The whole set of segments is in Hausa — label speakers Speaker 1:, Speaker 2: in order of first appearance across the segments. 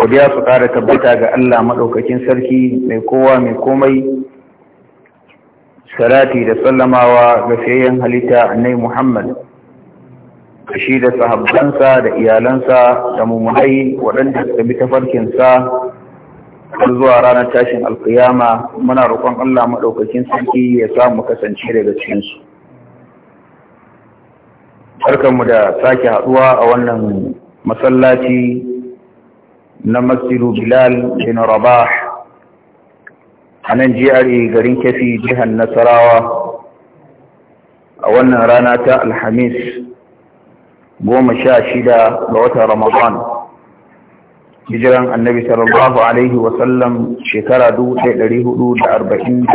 Speaker 1: godiya su ƙara tabbata ga Allah maɗaukakin sarki mai kowa mai komai salati da sallamawa ga fiyayyen halitta annai Muhammad shi da sahabbansa da iyalansa da mummai waɗanda suka bi tafarkinsa har zuwa ranar tashin alkiyama muna roƙon Allah maɗaukakin sarki ya samu kasance daga cikinsu. Barkanmu da sake haɗuwa a wannan masallaci na masjidu bilal bin rabah a nan jihar garin kefi jihar nasarawa a wannan rana ta alhamis goma sha shida ga watan ramadan hijiran annabi sallallahu alaihi wasallam shekara 1447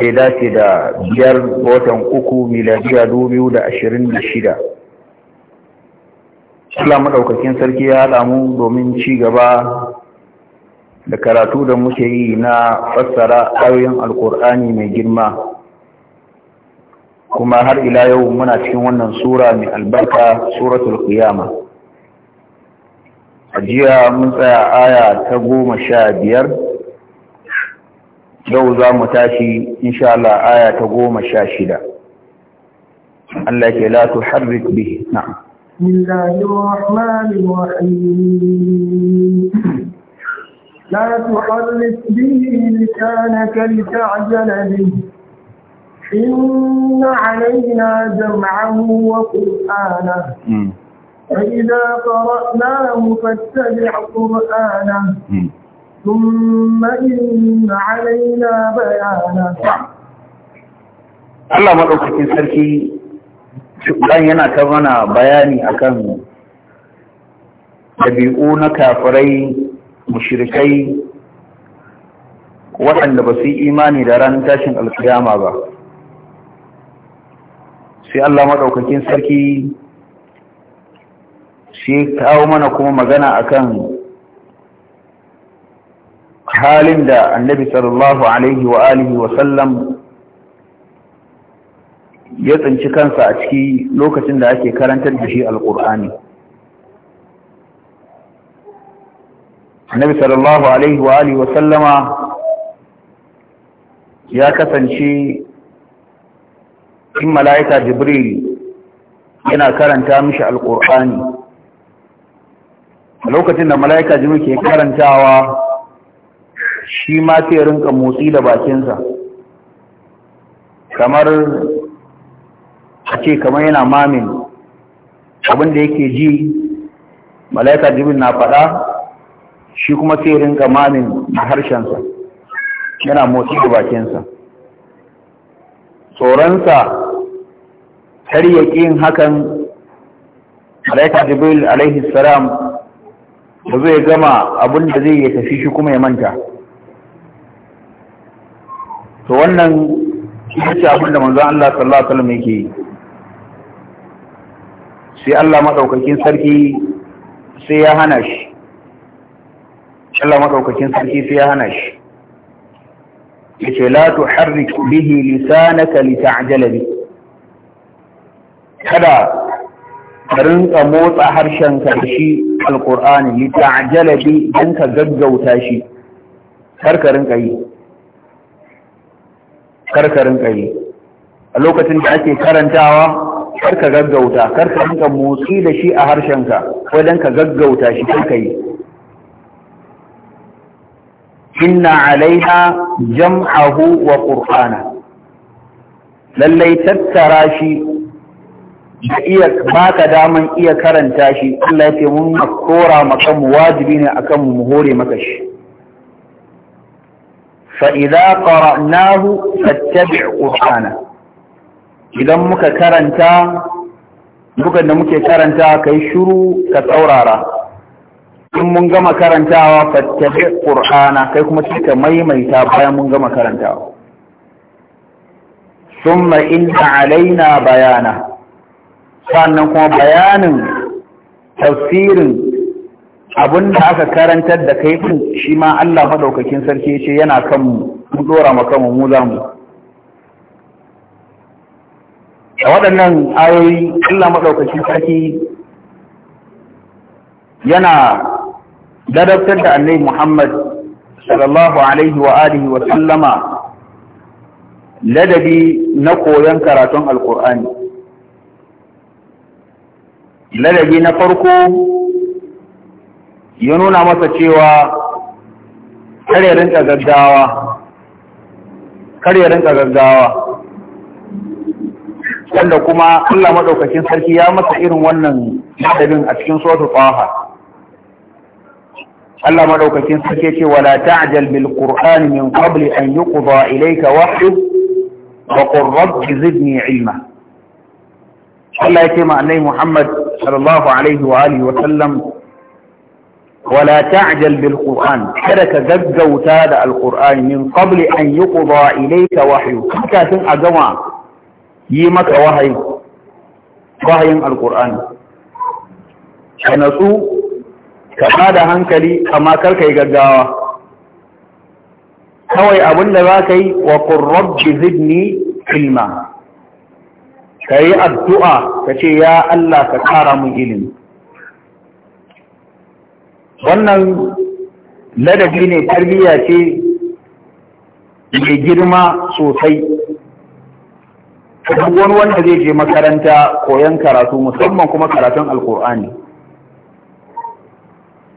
Speaker 1: ke dace da biyar watan uku miladiya 2026 Allah madaukakin sarki ya hada mu domin ci gaba da karatu da muke yi na fassara ayoyin alkur'ani mai girma kuma har ila yau muna cikin wannan sura mai albarka suratul qiyama ajiya mun tsaya aya ta goma sha biyar yau za mu tashi insha Allah aya ta goma sha shida Allah ke la tuharrik bihi na'am بسم الله الرحمن الرحيم لا تحرك به لسانك لتعجل به إن علينا جمعه وقرآنه فإذا قرأناه فاتبع قرآنه ثم إن علينا بيانه نعم. اللهم maɗaukakin سركي ɗan yana ta mana bayani akan ɗabi'u na kafirai mushirikai waɗanda ba su yi imani da ranar tashin alkiyama ba sai Allah maɗaukakin sarki sai kawo mana kuma magana akan halin da annabi sallallahu alaihi wa alihi wa sallam ya tsinci kansa a ciki lokacin da ake karantar da shi alƙur'ani Nabi sallallahu alaihi wa alihi wa sallama ya kasance in mala'ika jibril yana karanta mishi alƙur'ani lokacin da mala'ika jibril ke karantawa shi ma sai rinka motsi da bakinsa kamar a ce kamar yana mamin abinda yake ji mala'ika jibin na faɗa shi kuma sai rinka mamin a harshensa yana motsi da bakinsa tsoronsa har yaƙin hakan mala'ika jibin alaihi salam da zai gama abin da zai yi tafi shi kuma ya manta to wannan shi ce abinda manzan Allah sallallahu alaihi wasallam yake yi sai Allah maɗaukakin sarki sai ya hana shi Allah maɗaukakin sarki sai ya hana shi ce latu tuharrik bihi lisanaka lita'jala bi kada ka rinka motsa harshen ka shi alqur'ani lita'jala bi dan ka gaggauta shi karkarin ka karkarin yi yi a lokacin da ake karantawa kar ka gaggauta kar ka rinka motsi da shi a harshenka wajen ka gaggauta shi kar ka yi inna alaina jam'ahu wa qur'ana lallai tattara shi da iya baka daman iya karanta shi Allah ya ce mun kora maka mu wajibi ne akan mu hore maka shi fa idza qara'nahu fattabi' qur'ana idan muka karanta bukan da muke karanta kai shiru shuru ka tsaurara in mun gama karantawa fattabi ƙur'ana kai kuma kika maimaita bayan mun gama karantawa summa inna alaina bayana sannan kuma bayanin tafsirin abin da aka karantar da kai shi ma Allah madaukakin sarki ce yana kanmu mun dora makamu mu za mu a waɗannan ayoyi Allah maɗaukacin sarki yana ladabtar da annabi Muhammad sallallahu alaihi wa alihi wa sallama ladabi na koyon karatun alƙur'ani ladabi na farko ya nuna masa cewa kare rinka
Speaker 2: wanda kuma Allah madaukakin sarki ya masa irin
Speaker 1: wannan adabin a cikin suratul qaha Allah madaukakin sarki ce wala ta'jal bil qur'ani min qabli an yuqda ilayka wahyu wa qur rabbi zidni ilma Allah ya ce ma annabi Muhammad sallallahu alaihi wa alihi wa sallam ولا تعجل بالقرآن كذلك جدوتا القرآن من قبل أن يقضى إليك وحيه a gama. yi maka wahayi wahayin alkur'ani ka natsu ka bada hankali amma karka yi gaggawa kawai abin da za ka yi wa ƙurrabbi zidni ilma ka yi addu'a ka ce ya Allah ka ƙara mun ilimi wannan ladabi ne tarbiyya ce mai girma sosai duk wani wanda zai je makaranta koyon karatu musamman kuma karatun alkur'ani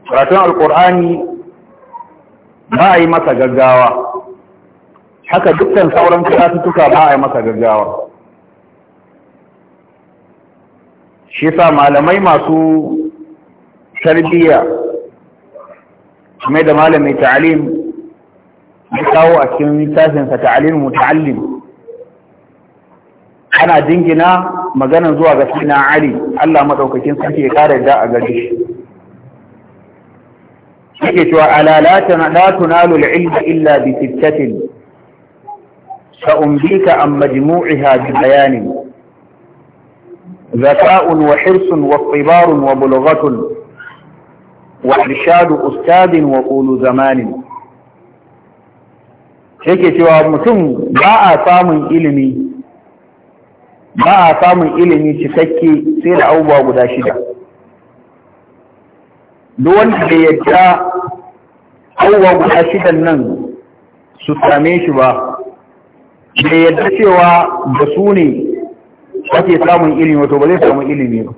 Speaker 1: karatun alkur'ani ba a yi masa gaggawa haka dukkan sauran karatuttuka ba a yi masa gaggawa shi sa malamai masu tarbiyya mai da malamai ta'alim ya kawo a cikin littafinsa ta'alimu muta'allim ana dingina maganan zuwa ga sina ali Allah madaukakin sarki ya kare da a gare shi yake cewa ala la tunalu al-ilma illa bi sittatin fa umbika am majmu'iha bi bayanin zaka'un wa hirsun wa ببيان wa bulughatun wa وبلغة ustadin wa qulu zamanin yake cewa mutum ba a samun ilimi ba a samun ilimi cikakke sai da abubuwa guda shida duk wanda bai yadda abubuwa guda shidan nan su same shi ba bai yadda cewa da su ne ake samun ilimi wato ba zai samu ilimi ba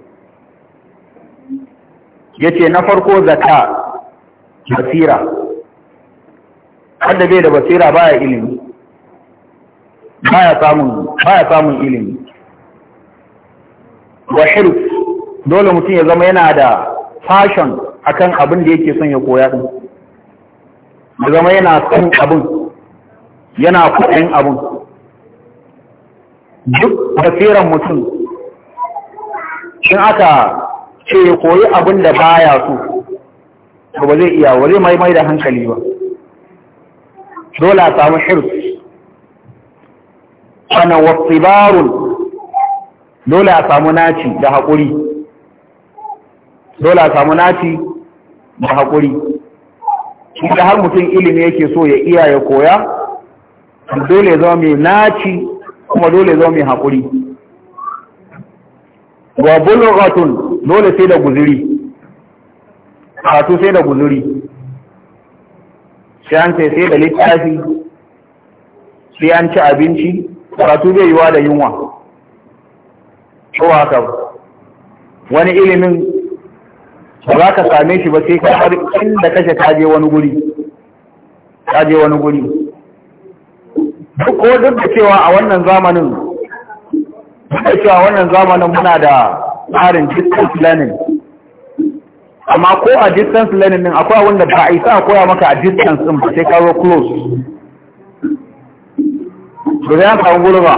Speaker 1: ya ce na farko zaka basira wanda bai da basira baya ilimi baya samun ilimi wa hirf dole mutum ya zama yana da a akan abin da yake son ya koya din ya zama yana son abin yana kuɗin abin duk basiran mutum in aka ce ya koyi abin da baya so ba zai iya wa zai maimai da hankali ba dole a samu Kana ana wasibarun dole a samu naci da haƙuri dole a samu naci da haƙuri da har mutum ilimi yake so ya iya ya koya dole ya zama mai naci kuma dole ya zama mai haƙuri wa bulghatun dole sai da guzuri karatu sai da guzuri sai an sai sai da littafi sai an ci abinci karatu zai yiwa da yunwa ko haka wani ilimin ba za ka same shi ba sai ka har inda kashe kaje wani guri kaje wani guri ko duk da cewa a wannan zamanin duk da cewa wannan zamanin muna da tsarin distance learning amma ko a distance learning din akwai wanda ba a isa koya maka a distance din ba sai ka zo close ba za ka samu gurba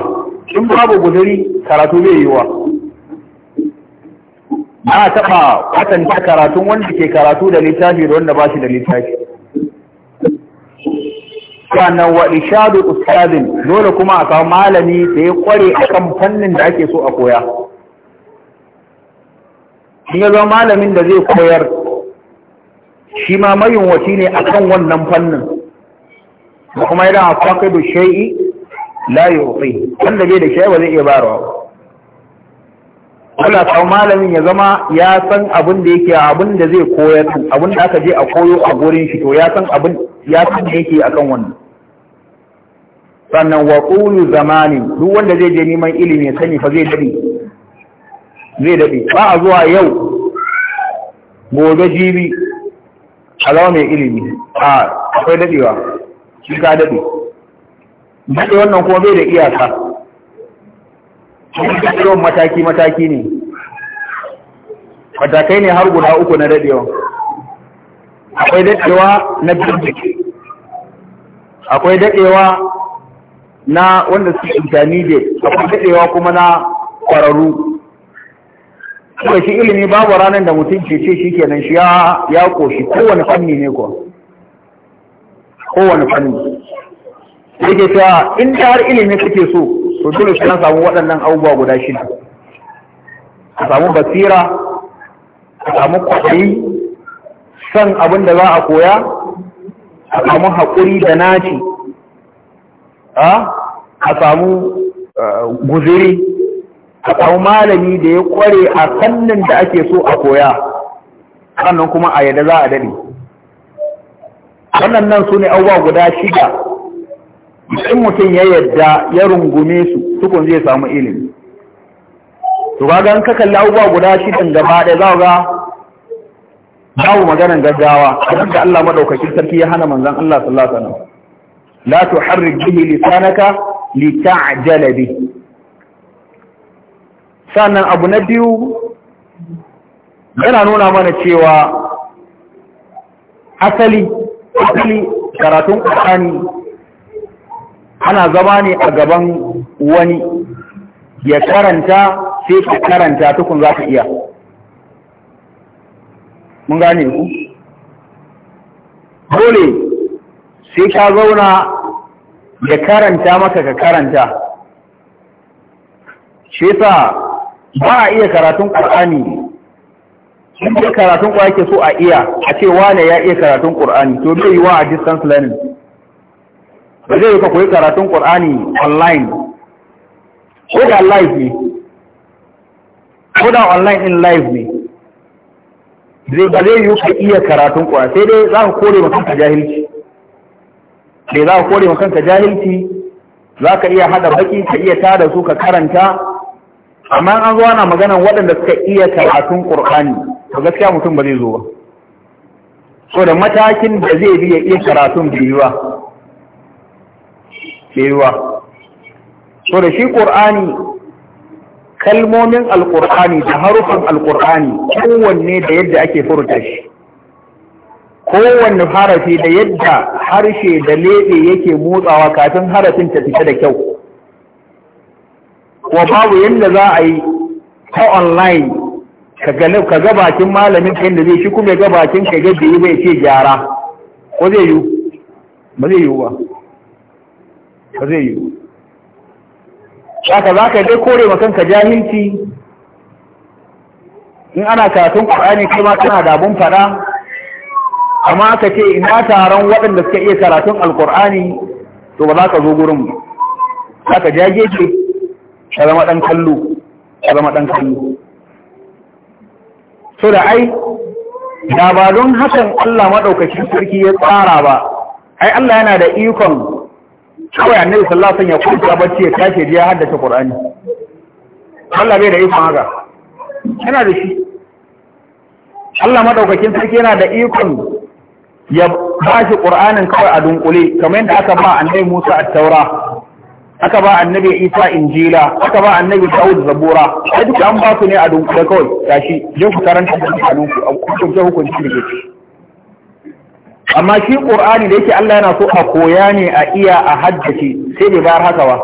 Speaker 1: in babu guduri karatu yi wa na taɓa kwatanta karatun wanda ke karatu da littafi da wanda ba shi da littafi sannan wa ishadu ustazin dole kuma a kawo malami da ya kware a kan fannin da ake so a koya shi ya zama malamin da zai koyar shi ma mayunwaci ne a kan wannan fannin da kuma yana a da shai'i la yi wanda bai da shai'i ba zai iya barawa wala ta malamin ya zama ya san abin da yake abin da zai koyar abin da aka je a koyo a gurin shi to ya san abin ya san da yake akan wannan sannan wa qulu zamani duk wanda zai je neman ilimi ya sani fa zai dade zai dade ba a zuwa yau gobe jibi alawa mai ilimi a akwai dadewa shi ka dade dade wannan kuma bai da iyaka yawan mataki-mataki ne matakai ne har guda uku na daɗewa akwai daɗewa na bincike akwai daɗewa na wanda su da akwai daɗewa kuma na ƙwararru kuma shi ilimi babu ranar da mutum ce ce shi kenan shi ya ƙoshi kowane fanni ne kuwa kowane fanni yake cewa in har ilimi kake so to dole sai samu waɗannan abubuwa guda shida a samu basira a samu kwaɗayi son abin da za a koya a samu haƙuri da naci a samu eh, guziri a samu malami da ya kware a sannin da ake so a koya sannan kuma a yadda za a daɗe wannan nan su ne abubuwa guda shida in mutum ya yadda ya rungume su tukun zai samu ilimi to kaga in ka kalli abubuwa guda shi din gaba da za ga babu maganar gaggawa kamar da Allah madaukakin sarki ya hana manzon Allah sallallahu alaihi wasallam la tuharrik bihi lisanaka lita'jala bi sannan abu na biyu yana nuna mana cewa asali asali karatun qur'ani ana zama ne a gaban wani ya karanta sai ka karanta tukun za ka iya mun gane ku dole sai ka zauna ya karanta maka ka karanta shi sa ba a iya karatun ƙar'ani ke karatun ƙwa yake so a iya a ce wane ya iya karatun ƙar'ani to bai yi wa a distance learning ba zai yi ka koyi karatun ƙorani online ko da live ne ko da online in live ne zai ba zai yi ka iya karatun ƙur'ani sai dai za ka kore ma kanka jahilci sai za ka kore ma kanka jahilci za ka iya haɗa baki ka iya tada su ka karanta amma an zuwa na magana waɗanda suka iya karatun ƙorani ta gaskiya mutum ba zai zo ba so da matakin da zai biya iya karatun biyuwa ba ɗewa so da shi ƙur'ani kalmomin alƙur'ani da harufan alƙur'ani kowanne da yadda ake furta shi kowanne harafi da yadda harshe da leɓe yake motsawa kafin harafin ta fita da kyau wa babu yadda za a yi ta online
Speaker 2: ka ga bakin malamin ka yadda zai shi kuma ga bakin ka yi zai ce gyara
Speaker 1: ko zai yiwu ba zai yiwu ba ba zai yi haka za ka dai kore makanka jahilci in ana karatun ƙwarani kai ma tana da abun faɗa amma aka ce ina taron waɗanda suka iya karatun alƙur'ani to ba za ka zo gurin ba za ka jage ce ka zama ɗan kallo ka zama ɗan kallo so da ai da ba don hakan Allah maɗaukacin sarki ya tsara ba ai Allah yana da ikon
Speaker 2: kawai annabi sallallahu alaihi wasallam ya kwanta bacci ya tashi
Speaker 1: ya haddace Qur'ani Allah bai da ikon haka yana da shi Allah madaukakin sarki yana da ikon ya ba shi Qur'anin kawai a dunkule kamar yadda aka ba annabi Musa at-Taura aka ba annabi Isa Injila aka ba annabi Dawud Zabura sai duka an ba su ne a dunkule kawai gashi je ku karanta da a ku hukunci da ke amma shi ƙur'ani da yake Allah yana so a koya ne a iya a haddace sai bai bayar haka ba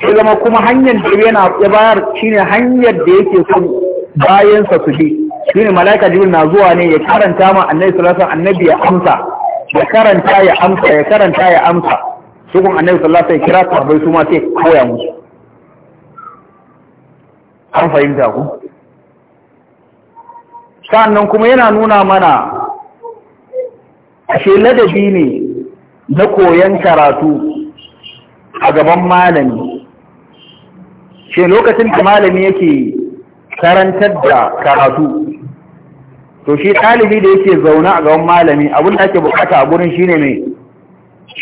Speaker 1: sai zama kuma hanyar da yana ya bayar shine hanyar da yake bayan bayansa su bi shine malaika jibril na zuwa ne ya karanta ma annabi sallallahu alaihi annabi ya amsa ya karanta ya amsa ya karanta ya amsa su kun annabi sallallahu alaihi kira sahabbai su ma sai koya musu an fahimta ku sa'annan kuma yana nuna mana ashe ladabi ne na koyon karatu a gaban malami she lokacin da malami yake karantar da karatu to shi ɗalibi da yake zaune a gaban malami abin ake bukata a gurin shine ne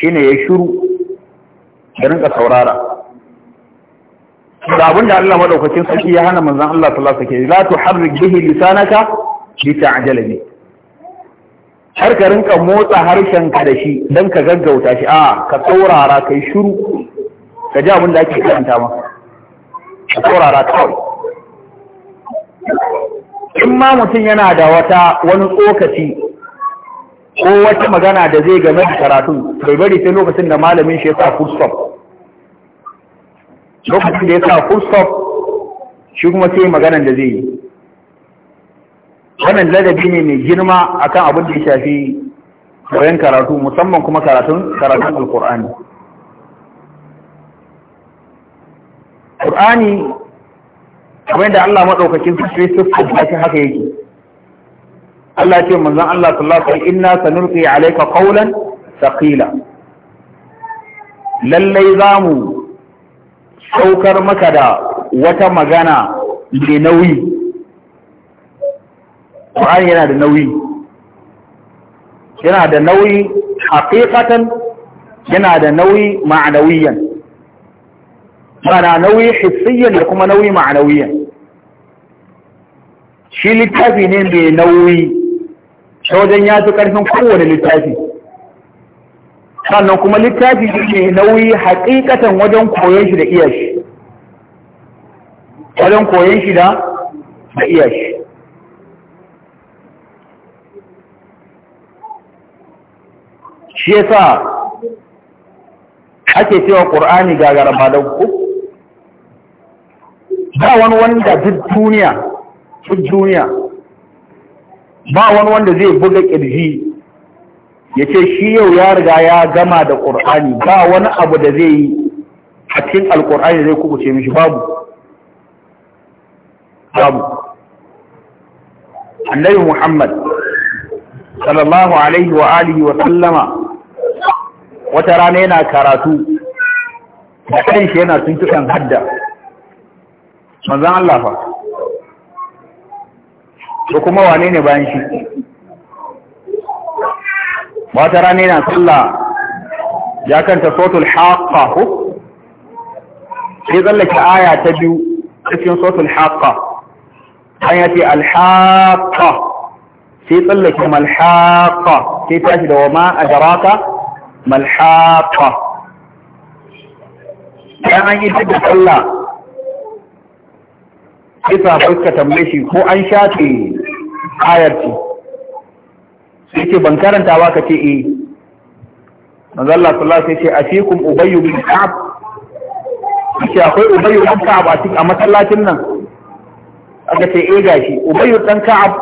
Speaker 1: shine ya shiru da rinka saurara
Speaker 2: da abin da Allah madaukakin sarki
Speaker 1: ya hana manzon Allah sallallahu alaihi wasallam la tuharrik bihi lisanaka li ta'jala har ka rinka motsa harshen ka da shi don ka gaggauta shi a ka saurara ka yi shuru ka ji abin da ake karanta ma
Speaker 2: ka saurara kawai in ma mutum yana da wata wani tsokaci
Speaker 1: ko wata magana da zai game da karatun bai bari sai lokacin da malamin shi ya sa full stop lokacin da ya sa full stop shi kuma sai maganan da zai yi wannan ladabi ne mai girma akan abin da ya shafi koyon karatu musamman kuma karatun karatun alkur'ani qur'ani kamar da Allah madaukakin sarki sifa shi haka yake Allah ce manzon Allah sallallahu alaihi wasallam inna sanulqi alayka qawlan thaqila lallai zamu saukar maka da wata magana mai nauyi Qur'ani yana da nauyi yana da nauyi haƙiƙatan yana da nauyi ma'anawiyan mana nauyi hissiyan da kuma nauyi ma'anawiyan shi littafi ne mai nauyi ta wajen ya fi ƙarfin kowane littafi sannan kuma littafi ne nauyi haƙiƙatan wajen koyon shi da iyashi wajen koyon shi da iyashi shi yasa ake cewa ƙur'ani gagara ba da
Speaker 2: ba wani wanda
Speaker 1: duk duniya duk duniya ba wani wanda zai buga ƙirji ya ce shi yau ya riga ya gama da ƙur'ani ba wani abu da zai yi a cikin alƙur'ani zai kubuce mishi babu babu annabi muhammad sallallahu alaihi wa alihi wa sallama wata rana yana karatu da kanshi yana tuntukan hadda manzan Allah fa ko kuma wane ne bayan
Speaker 2: shi wata rana yana sallah ya kanta sotul haqqa ko
Speaker 1: sai tsallake aya ta biyu cikin sotul haqqa an yace alhaqqa sai tsallake malhaqqa sai tashi da wa ma adraka malhafa dan an yi da sallah kisa fuska tambaye shi ko an shafe ayarci ce sai ce ban karanta ba ka ce eh mazalla Allah sallallahu sai ce afikum ubayu bin
Speaker 2: ka'ab sai akwai ubayu bin ka'ab
Speaker 1: a matsalacin a nan aka ce eh gashi ubayu dan ka'ab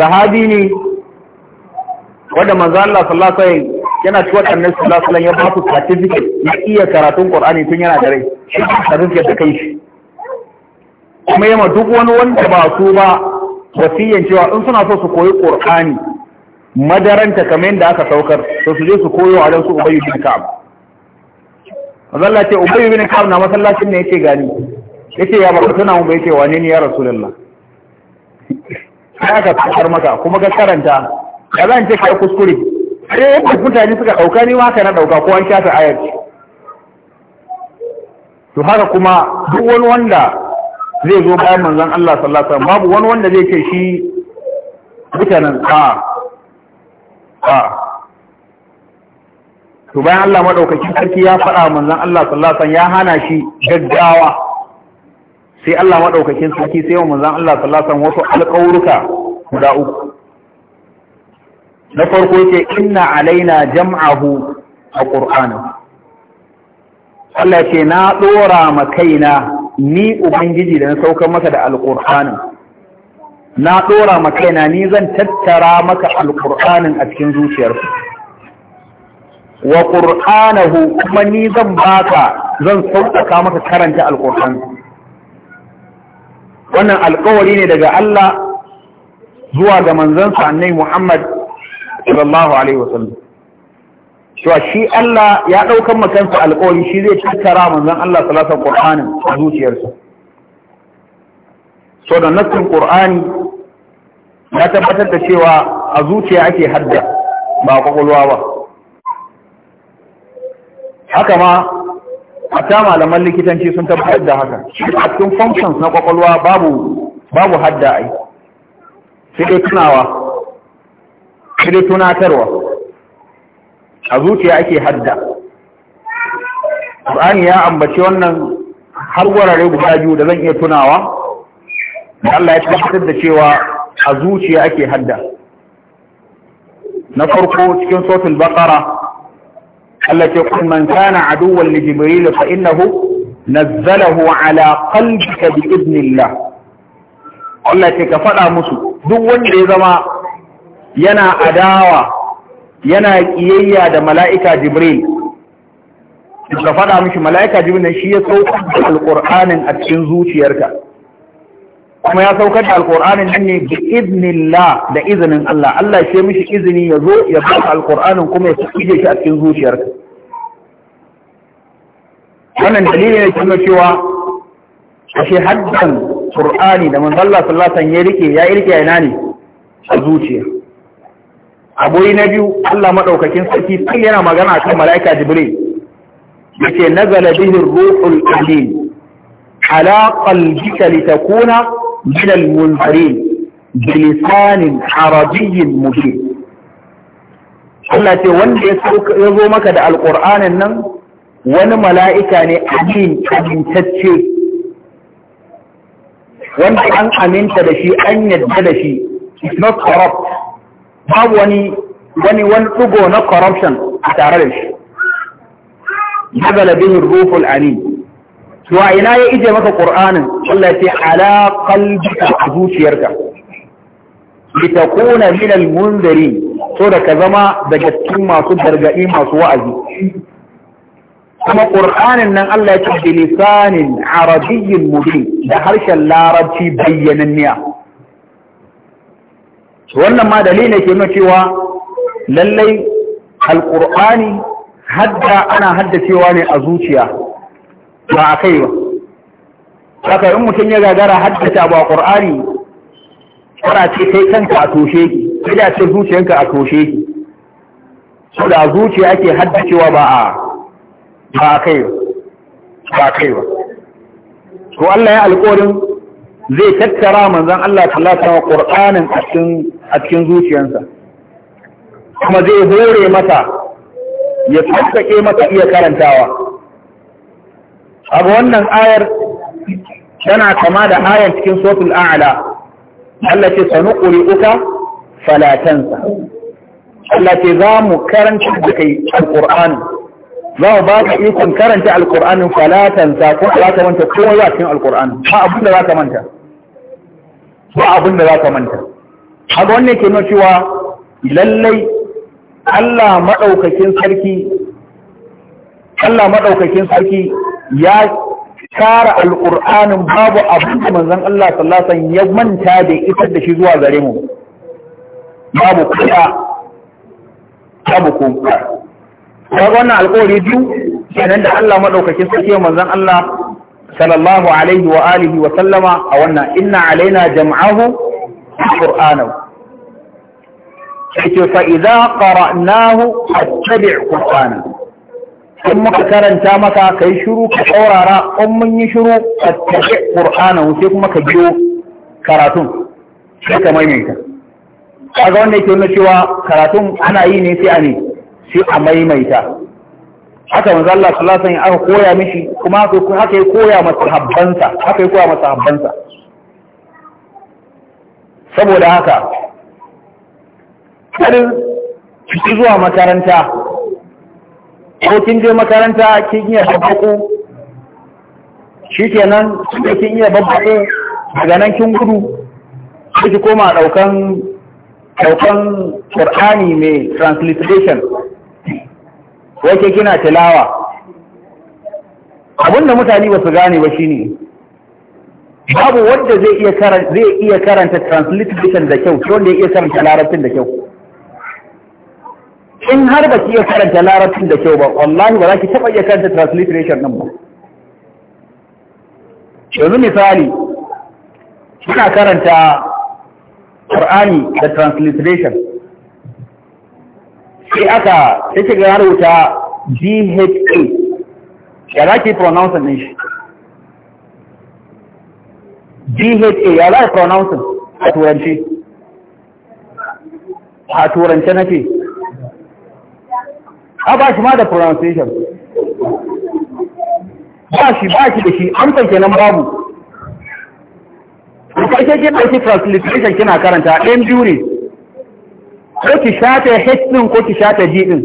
Speaker 2: sahabi ne wadda mazalla Allah sallallahu alaihi yana ci waɗannan su alaihi ya ba su certificate na iya karatun
Speaker 1: ƙwarani tun yana da rai shi certificate da kai shi kuma yamma duk wani wanda ba su ba wasiyan cewa in suna so su koyi ƙwarani madaranta kamar yadda aka saukar to su je su koyo a don su ubayu bin Ka'ab Allah ce ubayu bin Ka'ab na masallacin ne yake gani yace ya baka tana mu bai ce wane ne ya Rasulullah sai aka tsakar maka kuma ka karanta kazan zan ce kai kuskure a yadda mutane suka ɗauka ne ma kana ɗauka ko an shafe ayar to haka kuma duk wani wanda zai zo bayan manzon Allah sallallahu alaihi wasallam babu wani wanda zai ce shi mutanen a a to bayan Allah madaukakin sarki ya faɗa manzon Allah sallallahu alaihi wasallam ya hana shi gaggawa sai Allah madaukakin sarki sai wa manzon Allah sallallahu alaihi wasallam wasu alƙawurka guda uku na farko ce inna alaina jam'ahu a ƙur'ana Allah ce na ɗora ma kaina ni ubangiji da na saukar maka da alƙur'anin na ɗora ma kaina ni zan tattara maka alƙur'anin a cikin zuciyarsu. wa ƙur'anahu kuma ni zan baka zan sauƙaƙa maka karanta alƙur'an wannan alƙawari ne daga Allah zuwa ga manzansa annai Muhammad sallallahu alaihi wasallam cewa shi Allah ya ɗaukan makansa alƙawari shi zai tattara manzon Allah salatan Qur'anin a zuciyarsa so da nassin Qur'ani ya tabbatar da cewa a zuciya ake hadda ba kwakwalwa ba
Speaker 2: haka ma a ta malaman
Speaker 1: likitanci sun tabbatar da haka a cikin functions na kwakwalwa babu babu hadda ai sai dai tunawa sai tunatarwa a zuciya ake hadda
Speaker 2: Qur'ani ya ambaci wannan har warare guda biyu da zan iya tunawa da Allah ya tabbatar da cewa a zuciya ake
Speaker 1: hadda na farko cikin sautul baƙara. Allah ce kun man kana aduwwan li jibril fa innahu nazzalahu ala qalbika bi idnillah Allah ce ka faɗa musu duk wanda ya zama yana adawa yana kiyayya da mala'ika jibril da faɗa mishi mala'ika jibril shi ya saukar da alƙur'anin a cikin zuciyarka
Speaker 2: kuma ya saukar
Speaker 1: da alƙur'anin nan ne bi la da izinin Allah Allah shi mishi izini ya zo ya ba alƙur'anin kuma ya kije shi a cikin zuciyarka
Speaker 2: wannan dalili ne kuma cewa
Speaker 1: ashe haddan ƙur'ani da manzo sallatan ya rike ya rike ya rike na ne a zuciya aboyi na biyu Allah maɗaukakin sarki tun yana magana kan mala'ika jibril yace nazala bihi ruhul amin ala qalbika litakuna min al-munzirin bilisanin arabiyyin mubin Allah ce wanda ya zo maka da alƙur'anin nan wani mala'ika ne amin amintacce
Speaker 2: wanda an aminta
Speaker 1: da shi an yadda da shi is not corrupt babu wani wani wani ɗugo na corruption a tare da shi nazala bihi ruhul amin to a ina ya ije maka ƙur'anin Allah ya ala qalbika a zuciyarka litakuna minal mundari, so da ka zama daga cikin masu gargaɗi masu wa'azi kuma ƙur'anin nan Allah ya ce bilisanin arabiyyin mubin da harshen larabci bayyananniya wannan ma dalilin ke nuna cewa lallai alqur'ani hadda ana haddacewa ne a zuciya ba a kai ba haka in mutum ya gagara haddata ba qur'ani kana ce kai kanka a toshe ki da ce zuciyanka a toshe ki so da zuciya ake haddacewa ba a ba kai ba kai ba to Allah ya alƙorin zai tattara manzan Allah talata wa ƙur'anin a cikin zuciyansa. kuma zai hore mata ya tsakake mata iya karantawa abu wannan ayar tana kama da ayar cikin sotul a'ala Allah ce sanu uka falatansa Allah ce za mu karanta da kai alƙur'ani za mu ba ka ikon karanta alƙur'anin falatansa ko za ka manta kowa cikin alƙur'ani ba abin da za ka manta ba abin da za ka manta haka wannan ke nuna cewa lallai Allah maɗaukakin sarki Allah maɗaukakin sarki ya kara al’ur'anin babu abin da manzan Allah sallasan ya manta da isar da shi zuwa gare mu babu kuɗa babu kuma kaga wannan alƙawari biyu kenan da Allah maɗaukakin sarki manzan Allah sallallahu alaihi wa alihi wa sallama a wannan inna alaina jam'ahu qur'anahu yake fa idza qara'nahu fattabi' qur'ana in muka karanta maka kai shiru ka saurara in mun yi shiru fattabi' qur'anahu sai kuma ka biyo karatun sai ka maimaita kaga wannan yake nuna cewa karatun ana yi ne sai a ne sai a maimaita haka manzo Allah sallallahu alaihi wasallam aka koya mishi kuma haka ya koya masa habbansa haka ya koya masa habbansa saboda haka kada ki zuwa makaranta ko kin je makaranta kin iya babbaku shikenan kuma kin iya babbaku daga nan kin gudu Kuma koma daukan daukan Qur'ani mai translation wake kina tilawa abinda mutane ba su gane ba shine babu wanda zai iya karanta zai iya karanta translation da kyau wanda ya iya karanta larabcin da kyau in har ba ki iya karanta larabcin da kyau ba wallahi ba za ki taba iya karanta translation din ba yanzu misali kina karanta Qur'ani da translation sai aka sai shiga ya rubuta dha ya za ki pronounce din shi dha ya za ki pronounce a turanci
Speaker 2: a turance na ce
Speaker 1: a ba shi ma da pronunciation ba shi ba shi da shi kanke nan babu ƙarshe ke shi translation kina karanta ɗan biyu ne ko ki shata h din ko ki shata g din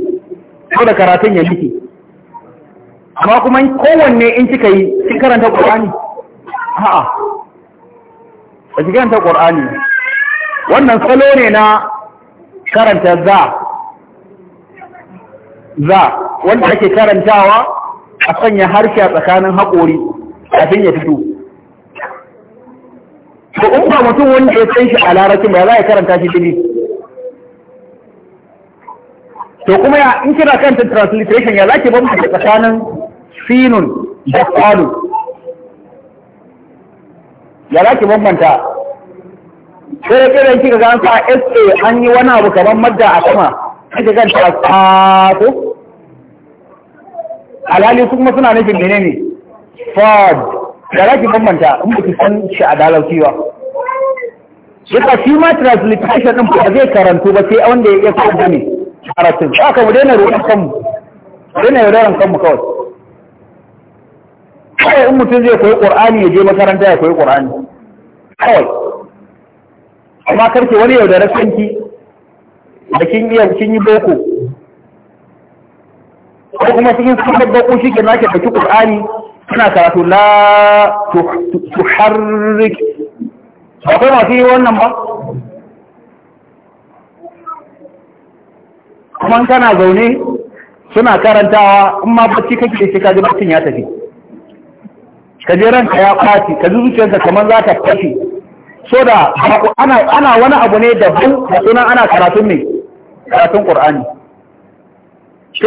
Speaker 1: ko da karatun ya liki amma kuma kowanne in kika yi kin karanta ƙorani a'a ba ki karanta ƙorani wannan salo ne na karanta za za wanda ake karantawa a sanya harshe a tsakanin haƙori kafin ya fito ko in ba mutum wanda ya san shi a larabcin ba za ya karanta shi jini to kuma ya in kira kan transliteration ya zaki bambanta tsakanin sinun da kwalu ya zaki bambanta sai kiran kika ga an sa SA an yi wani abu kamar madda a sama kika ganta ta qalu alhali su kuma suna nufin ne? fad ya zaki bambanta in ki san shi a dalarci ba yaka shi ma transliteration din ba zai karantu ba sai wanda ya iya kwanza ne harafin aka mu daina kanmu daina yaudaran kanmu kawai kawai in mutum zai koyi ƙur'ani ya je makaranta ya koyi ƙur'ani kawai amma karke wani yaudarar kanki da kin iya kin yi boko ko kuma cikin sunan boko shi ke nake ɗauki ƙur'ani suna karatu la tuharrik akwai masu yi wannan ba kuma kana zaune suna karantawa in ma bacci kake shi kaji baccin ya tafi ka je ranka ya kwaci ka ji zuciyarka kamar za ta tafi so da ana wani abu ne daban da sunan ana karatun ne karatun qur'ani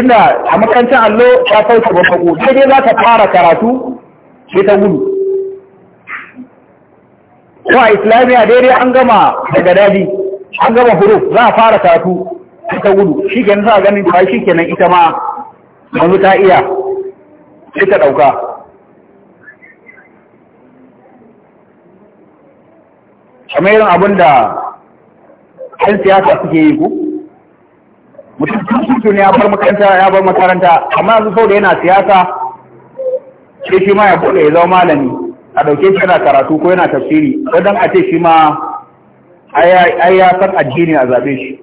Speaker 1: da a makarantar allo ta fauce ba fago daidai za ta fara karatu sai ta gudu ko a islamiyya daidai an gama daga dadi an gama huruf za a fara karatu ta gudu shi kenan sa ganin ba shi kenan ita ma yanzu ta iya sai ta ɗauka kamar yin abin da ɗan siyasa suke yi ku mutum tuntun ne ya bar makaranta ya bar makaranta amma yanzu sau da yana siyasa ce shi ma ya bude ya zama malami a ɗauke shi yana karatu ko yana tafsiri wadon a ce shi ma ai ya san addini a zaɓe shi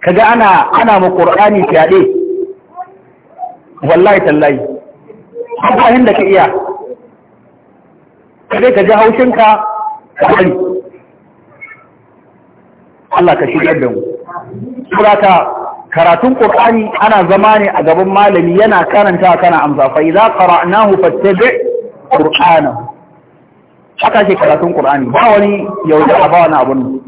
Speaker 1: kaga ana ana mu qur'ani fiade wallahi tallahi abin da ka iya kaga ka ji haushinka
Speaker 2: ka kai Allah ka shigar da mu surata karatun qur'ani
Speaker 1: ana zama ne a gaban malami yana karanta kana amsa fa idza qara'nahu fattabi' qur'anahu haka ce karatun qur'ani ba wani yaudara ba wani abun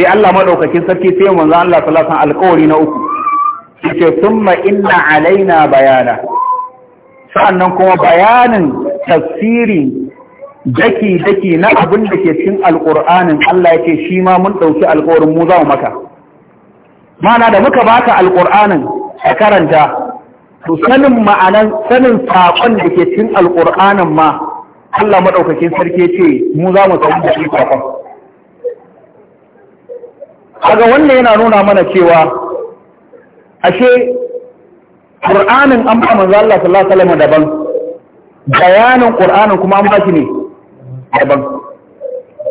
Speaker 1: sai Allah maɗaukakin sarki sai manzo Allah sallallahu alaihi alƙawari na uku yace summa inna alaina bayana sa'annan kuma bayanin tafsiri daki daki na abin da ke cikin alƙur'anin Allah yace shi ma mun dauki alƙawarin mu za mu maka mana da muka baka alƙur'anin a karanta to sanin ma'anan sanin saƙon da ke cikin alƙur'anin ma
Speaker 2: Allah madaukakin sarki yace mu za mu san da shi saƙon kaga wannan yana nuna mana cewa ashe
Speaker 1: Qur'anin an ba manzo Allah sallallahu alaihi wasallam daban bayanin Qur'anin kuma an ba shi ne daban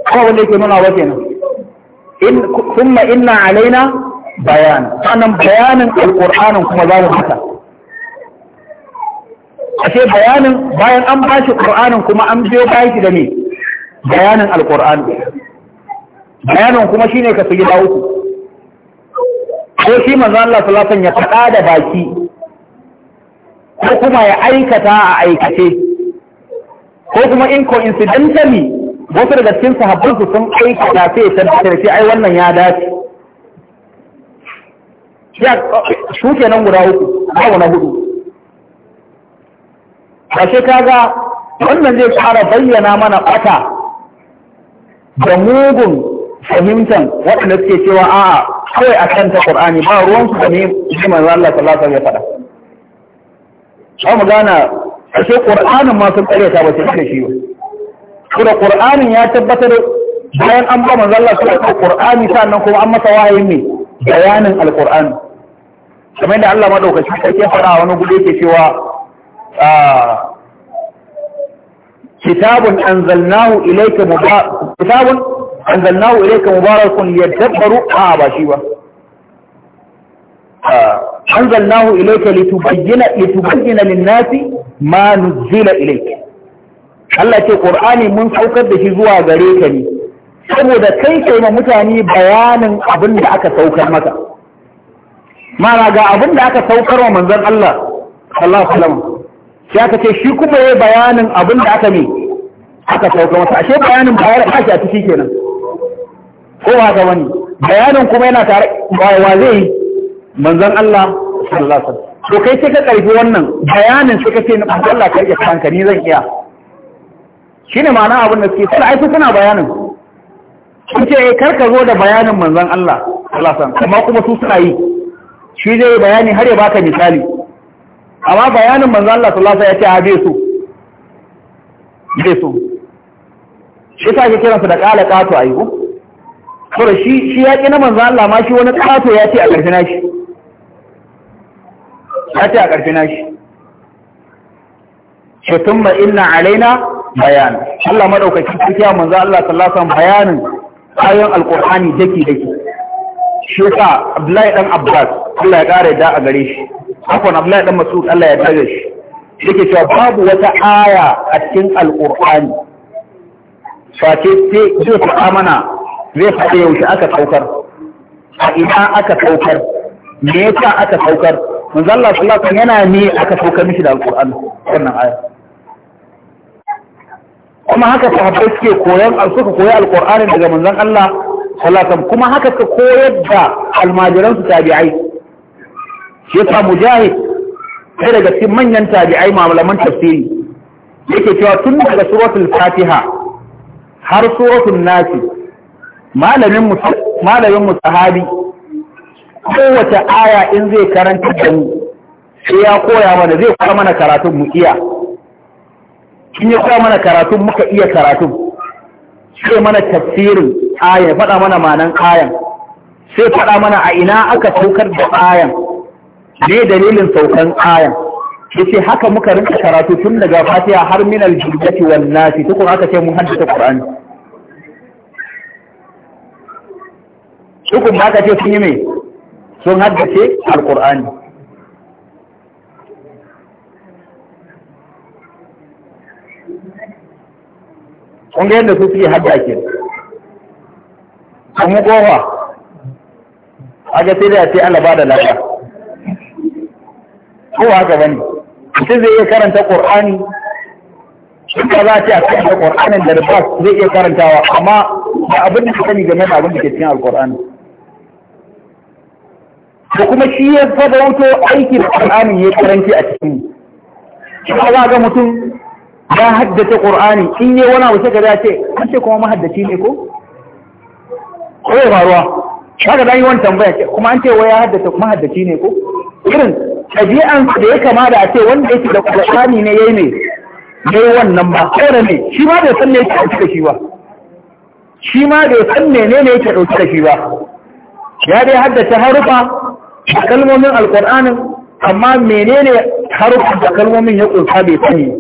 Speaker 1: ko wanda yake nuna wa kenan in kuma inna alaina bayan sannan bayanin alqur'anin kuma za mu haka ashe bayanin bayan an ba shi Qur'anin kuma an biyo bayan shi da ni bayanin alqur'ani bayanin kuma shine ka su gida uku ko shi manzan Allah sallallahu ya faɗa da baki ko kuma ya aikata a aikace ko kuma in koinsidentali wasu daga cikin sahabban su sun aikata sai ya tabbatar shi ai wannan ya dace ya shuke nan guda uku babu na hudu ka ga wannan zai fara bayyana mana ɓata da mugun fahimtan waɗanda suke cewa a'a kawai a kan ta Qur'ani ba ruwansu da ne shi manzo Allah sallallahu alaihi wasallam ya faɗa. Za mu gana ashe Qur'anin ma sun ƙaryata ba sai da shi ba. Kuma Qur'anin ya tabbatar bayan an ba manzo Allah sallallahu alaihi Qur'ani sannan kuma an masa wahayin ne bayanin Al-Qur'ani. Kamar yadda Allah madaukakin sarki ya faɗa wani gudu yake cewa kitabun anzalnahu ilayka mubarak kitabun anzalnahu ilayka mubarakun liyadabbaru a ba shi ba anzalnahu ilayka litubayyana litubayyana lin-nasi ma nuzila ilayka Allah ce Qur'ani mun saukar da shi zuwa gare ka ne saboda kai kai ma mutane bayanin abin da aka saukar maka mana ga abin da aka saukar wa manzon Allah sallallahu alaihi wasallam sai aka ce shi kuma yayi bayanin abin da aka ne aka saukar masa ashe bayanin bayar ya kashi a ciki kenan ko haka wani bayanin kuma yana tare wa zai yi manzon Allah sallallahu alaihi to kai sai ka karbi wannan bayanin sai ka ce na Allah ka rike kanka ni zan iya shine ma'ana abin da suke sai ai suna bayanin sun ce eh kar ka zo da bayanin manzon Allah sallallahu alaihi wasallam amma kuma su suna yi shi zai bayani har ya baka misali amma bayanin manzon Allah sallallahu alaihi wasallam ya ce ah, a bai su bai su shi ta ke kiransu da kala kato ayyuka saboda shi shi yaƙi na manzo Allah ma shi wani kato ya ce a ƙarfi nashi ya ce a ƙarfi nashi shi tumma inna alaina bayan Allah madaukakin sarki ya manzo Allah sallallahu alaihi wasallam bayanin ayoyin alqur'ani daki daki shi yasa Abdullahi dan Abbas Allah ya ƙara da a gare shi akwai Abdullahi dan Mas'ud Allah ya dage shi yake cewa babu wata aya a cikin alqur'ani face sai zai faɗa mana zai faɗi yaushe aka saukar a ina aka saukar me yasa aka saukar manzo Allah sallallahu alaihi yana ne aka saukar mishi da alqur'ani wannan aya kuma haka sahabbai suke koyan suka koyi alqur'ani daga manzon Allah sallallahu alaihi kuma haka ka koyar da almajiran su tabi'ai shi yasa mujahid sai daga cikin manyan tabi'ai malaman tafsiri yake cewa tun daga suratul fatiha har suratul nasi malamin mu sahabi kowace aya in zai karanta da mu sai ya koya mana zai koya mana karatun mu iya in ya koya mana karatun muka iya karatun sai mana tafsirin ayan faɗa mana manan ayan sai faɗa mana a ina aka saukar da ayan ne dalilin saukan ayan ce haka muka rinka karatu tun daga fatiha har min al-jibati wan nasi tukun aka ce mun ta qur'ani ukun ma ka ce sun yi mai sun haddace alkur'ani kun ga yadda su suke ke. an yi kofa
Speaker 2: a ga sai da ya ce Allah ba da lafiya
Speaker 1: ko haka bane mutum zai iya karanta qur'ani shi ka za ce a karanta alƙur'anin da ba zai iya karantawa amma ba abin da ka sani game da abin da ke cikin al alƙur'ani ko kuma shi ya saba wuto aikin Qur'ani ya karanci a cikin shi ba ga mutum ya haddace Qur'ani in yi wani abu sai ka ce an ce kuma mahaddaci ne ko ko ya faruwa kaga dan yi wani tambaya ce kuma an ce wai ya haddace mahaddaci ne ko irin tabi'an da ya kamata a ce wanda yake da Qur'ani ne yayi ne yayi wannan ba kare ne shi ma bai san ne yake da shi ba shi ma bai san menene yake dauke da shi ba ya dai haddace harufa a kalmomin alƙur'anin amma menene harkar da kalmomin ya ƙunsa bai sani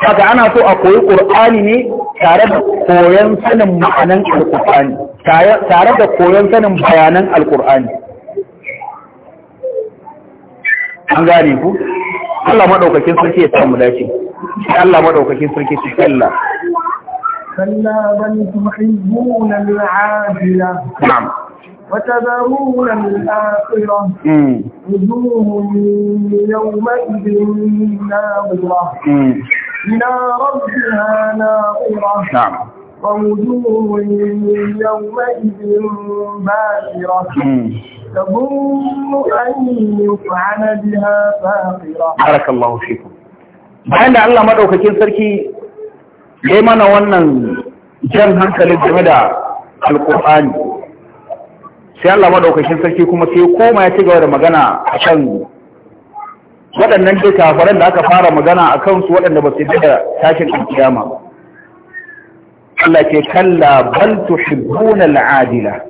Speaker 1: haka ana so a koyi ƙur'ani ne tare da koyon sanin ma'anan alƙur'ani tare da koyon sanin bayanan alƙur'ani an gane ku Allah maɗaukakin sarki ya samu dace Allah maɗaukakin sarki su kalla kalla bal tuhibbuna na na'am وتذرون الآخرة وجوه يومئذ ناظرة إلى ربها ناظرة ووجوه يومئذ باسرة تظن أن يفعل بها فاقرة بارك الله فيكم bayan da Allah maɗaukakin sarki ya yi mana wannan jan hankalin game da alƙur'ani sai Allah madaukakin sarki kuma sai koma ya ci gaba da magana a kan waɗannan dai kafaran da aka fara magana a kansu waɗanda ba su da tashin alƙiyama. Allah ke kalla bal tuhibbuna al'adila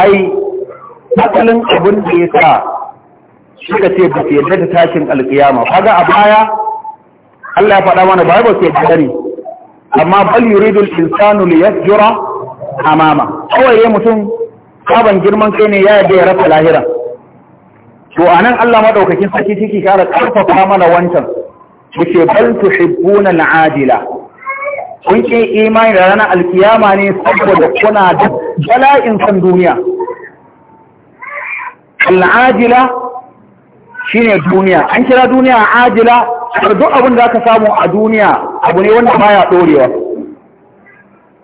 Speaker 1: ai asalin abun da ya sa suka ce ba su yadda da tashin alƙiyama, kaga a baya Allah ya faɗa mana ba ba su yadda ne amma bal yuridul insanu liyasjura
Speaker 2: amama
Speaker 1: kawai mutum sabon girman kai ne ya yarda ya rasa lahira to anan Allah maɗaukakin saki ciki kara ƙarfafa mana wancan muke bal tuhibbuna al'adila kun ki imani da ranar alkiyama ne saboda kuna da bala'in san duniya al'adila shine duniya an kira duniya ajila duk abin da aka samu a duniya abu ne wanda baya dorewa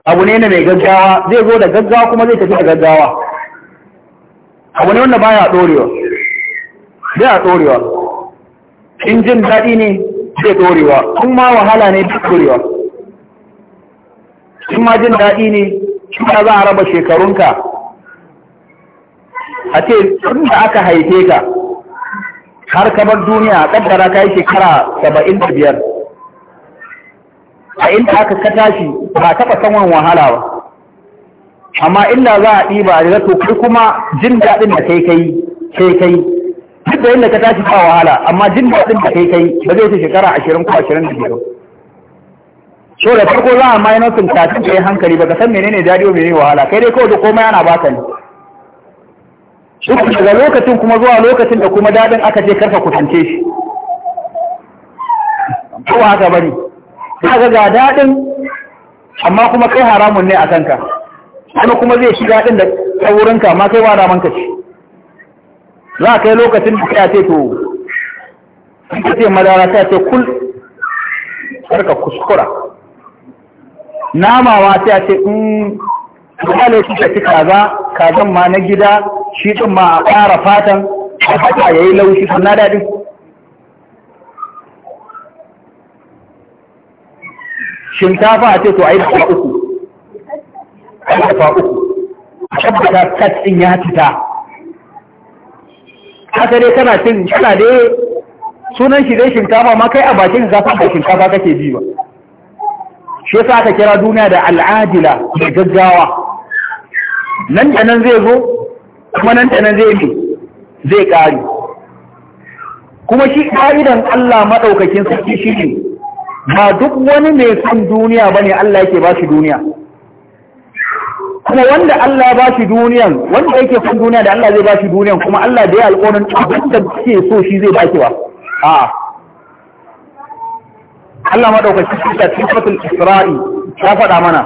Speaker 1: abu ne na mai gaggawa zai zo da gaggawa kuma zai tafi da gaggawa abu ne wanda baya dorewa zai a dorewa in jin daɗi ne zai dorewa ma wahala ne duk dorewa in ma jin daɗi ne
Speaker 2: kuma za a raba shekarunka
Speaker 1: a ce tun da aka haife ka har kamar duniya a ƙaddara ka yi shekara saba'in da biyar a inda aka kata tashi ba taɓa samun wahala ba amma inda za a ɗiba da zato kai kuma jin daɗin da kai kai kai kai duk da yadda ka tashi ba wahala amma jin daɗin da kai kai ba zai ta shekara ashirin ko ashirin da biyu so da farko za a minusin kafin ka yi hankali baka san menene daɗi o menene wahala kai dai kawai da komai ana baka ne duk daga lokacin kuma zuwa lokacin da kuma daɗin aka je karfa kusance shi ko haka bane kaga ga daɗin amma kuma kai haramun ne a kanka Kuma kuma zai shi daɗin da tsawurinka ma kai ba manka ce za a kai lokacin da kai ce to ka ce madara ta ce kul karka kuskura nama ma ta ce in mm, kwale shi ka ci kaza kazan ma na gida shi ɗin ma a ƙara fatan a ya yi laushi sannan daɗin shinkafa a ce to a yi dafa uku a yi dafa uku a tabbata kat ɗin ya fita haka dai kana cin kana dai sunan shi dai shinkafa ma kai a bakin ka san ba shinkafa kake bi ba shi yasa aka kira duniya da al'adila da gaggawa nan da nan zai zo kuma nan da nan zai bi zai kare kuma shi ƙa'idan Allah maɗaukakin sarki shi ne ba duk wani mai son duniya ba ne Allah yake ba shi duniya
Speaker 2: kuma wanda Allah ba
Speaker 1: shi duniyan wanda yake son duniya da Allah zai ba shi duniyan kuma Allah da ya alƙonin abin da ke so shi zai ba ba a Allah madaukaki shi ta sifatul isra'i ta faɗa mana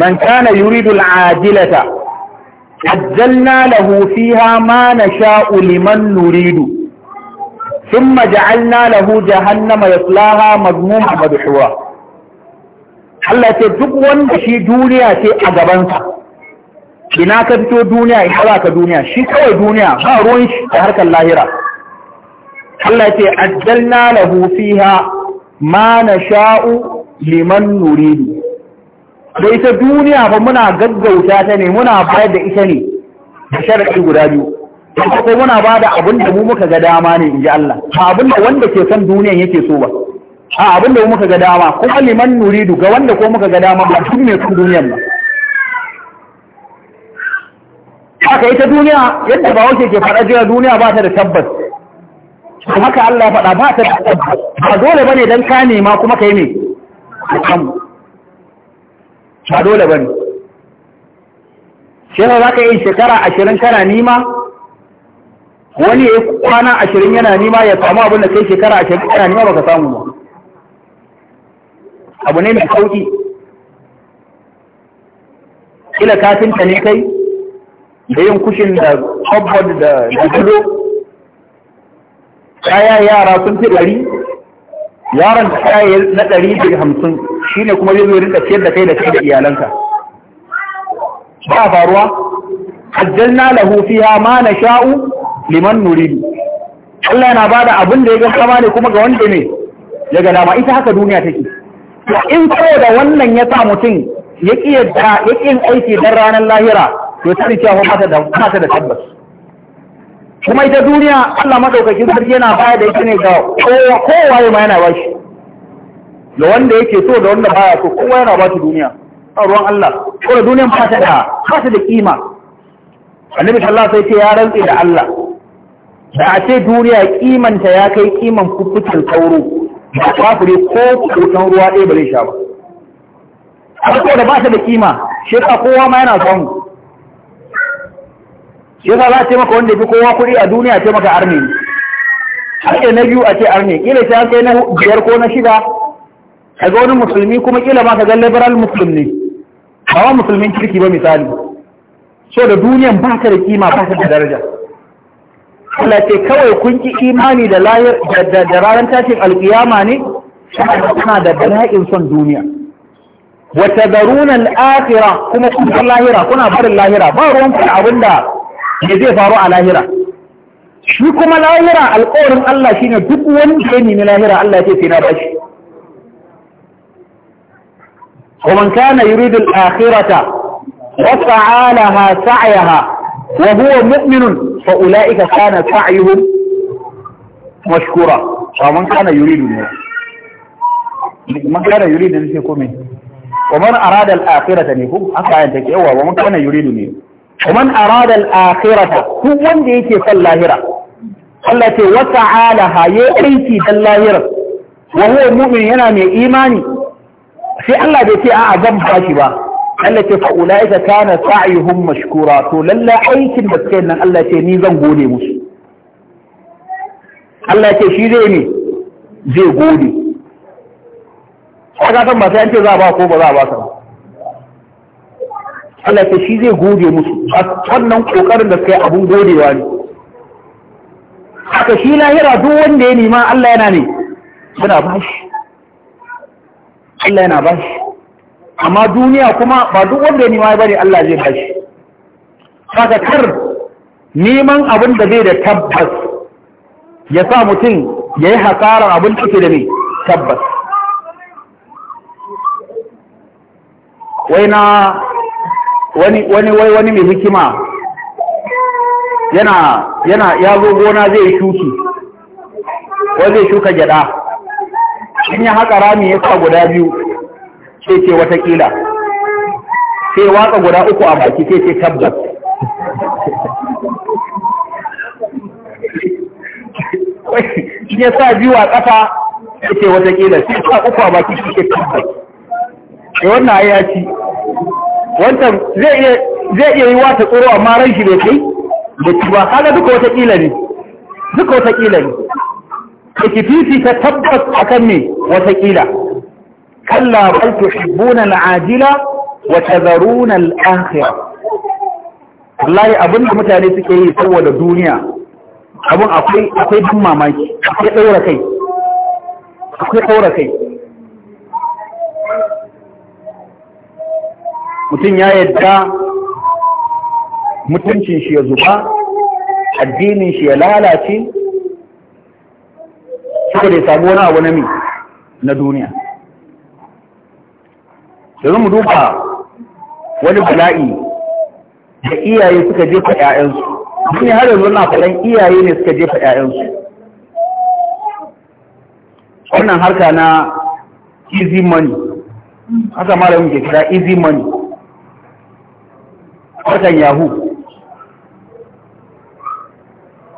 Speaker 1: man kana yuridu al'ajilata ajjalna lahu fiha ma nasha'u liman nuridu ثم جعلنا له جهنم يصلاها مذموما مدحورا Allah ce duk wanda shi duniya ce a gabansa ina ka fito duniya ina za ka duniya shi kawai duniya ba ruwan shi da harkar lahira Allah ce ajjalna lahu fiha ma nasha'u liman nuridu da ita duniya fa muna gaggauta ta ne muna bayar da ita ne da sharadi guda biyu ko muna ba da abin da mu muka ga dama ne in ji Allah ba abin da wanda ke son duniyan yake so ba a abin da mu muka ga dama kuma liman nuridu ga wanda ko muka ga dama ba tun ne son duniyan ba haka ita duniya yadda ba wace ke faɗa jira duniya ba ta da tabbas kuma ka Allah ya faɗa ba ta da tabbas ba dole bane dan ka nema kuma kai ne ba dole bane shi za ka yi shekara ashirin kana nima wani ya yi kwana ashirin yana nima ya samu abin da kai shekara ashirin yana nima baka samu ba abu ne mai sauki kila kafinta ne kai da yin kushin da cupboard da gudu kaya yara sun fi ɗari yaron da kaya na ɗari da hamsin shi ne kuma zai zo rinka ciyar da kai da kai da iyalanka ba faruwa ajjalna lahu fiha ma na sha'u liman nuridu Allah yana ba da abin da ya ga kama ne kuma ga wanda ne ya ga dama ita haka duniya take to in da wannan ya sa mutum ya kiyarta ya kin aiki dan ranar lahira to ta ni cewa mata da mata da tabbas kuma ita duniya Allah madaukakin sarki yana baya da ita ne ga kowa kowa ma yana ba shi da wanda yake so da wanda baya so kowa yana ba shi duniya a ruwan Allah ko da duniyan ba ta da ba ta da kima annabi sallallahu alaihi wasallam sai ya rantsi da Allah da a ce duniya kimanta ya kai kiman kuffucin sauro ba kafure ko kusan ruwa ɗaya ba zai sha ba a da ba ta da kima shi ka kowa ma yana son. shi ka za a ce maka wanda ya fi kowa kuɗi a duniya ce maka arne haƙe na biyu a ce arne ƙila ta kai na biyar ko na shida A ga wani musulmi kuma ƙila ma ka ga liberal musulmi ne ba wa musulmin kirki ba misali so da duniyan ba ta da kima ba ta da daraja Allah ce kawai kun ki imani da ranar tashin alkiyama ne suna da bala'in son duniya wata daruna al'akira kuma kun lahira kuna barin lahira ba ruwan kun abin da ne zai faru a lahira shi kuma lahira alkawarin Allah shine duk wani ya nemi lahira Allah ya ce sai na bashi ومن كان يريد الآخرة وسعى لها سعيها وهو مؤمن فأولئك كان سعيهم مشكورا ومن كان يريد الناس من كان يريد أن يكون ومن أراد الآخرة يكون أكا أنت كيوا ومن كان يريد الناس ومن أراد الآخرة هو وند يكي فاللاهرة التي وسعى لها يأتي فاللاهرة وهو مؤمن هنا من إيماني في الله بيتي أعظم حاشبه Allah ce fa'ula'ika kana sa'ihum mashkura to lalla aikin da suka nan Allah ce ni zan gode musu Allah ce shi zai ne zai gode ka san masu yanke an ce za ba ko ba za ba ka
Speaker 2: Allah ce shi zai gode musu a wannan kokarin da suka yi abun godewa
Speaker 1: ne haka shi lahira duk wanda ya nema Allah yana ne yana bashi Allah yana bashi amma duniya kuma ba duk wanda nima ya bari Allah zai bashi saka kar neman abin da bai da tabbas ya sa mutum ya yi hasarar abin da ke da mai tabbas wai na
Speaker 2: wani wani wani mai hikima yana yana ya zo gona zai shuki wai zai shuka gyada in ya haka rami ya sa guda biyu sai ce watakila
Speaker 1: sai watsa guda uku a baki sai ce tabbas
Speaker 2: shi ya sa biyu a ƙasa sai ce watakila sai sa uku a baki sai ce tabbas
Speaker 1: sai wannan ya ci wancan zai iya yi wata tsoro amma ran shi bai kai da ci ba kaga duka watakila ne duka watakila ne ka ki fifita tabbas akan ne, watakila كلا بل تحبون العاجلة
Speaker 2: وتذرون الآخرة
Speaker 1: wallahi abin da mutane suke yi saboda duniya abin akwai akwai ban mamaki akwai ɗaura kai akwai ɗaura kai mutum ya yadda
Speaker 2: mutuncin shi ya zuba addinin shi ya lalace saboda ya sami wani abu
Speaker 1: na duniya yanzu mu duba wani bala'i da iyaye suka jefa ƴaƴansu yi har yanzu na faɗan iyaye ne suka jefa ƴaƴansu wannan harka na easy money haka mara yin kira easy money harkan yahoo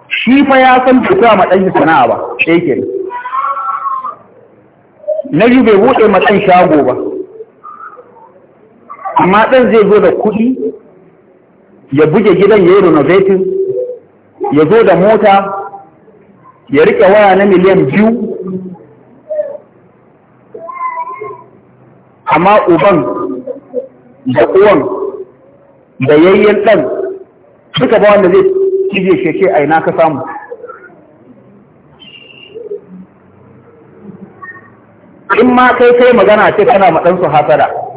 Speaker 1: shi fa ya san fita ma ɗan sana'a ba ɗaya ke na bai buɗe ma ɗan shago ba amma ɗan zai zo da kuɗi ya buge gidan ya yi renovating ya zo da mota ya riƙe waya na miliyan biyu amma uban da uwan da yayyen ɗan suka ba wanda zai cije sheke a ina ka samu in ma kai kai magana ce kana su hasara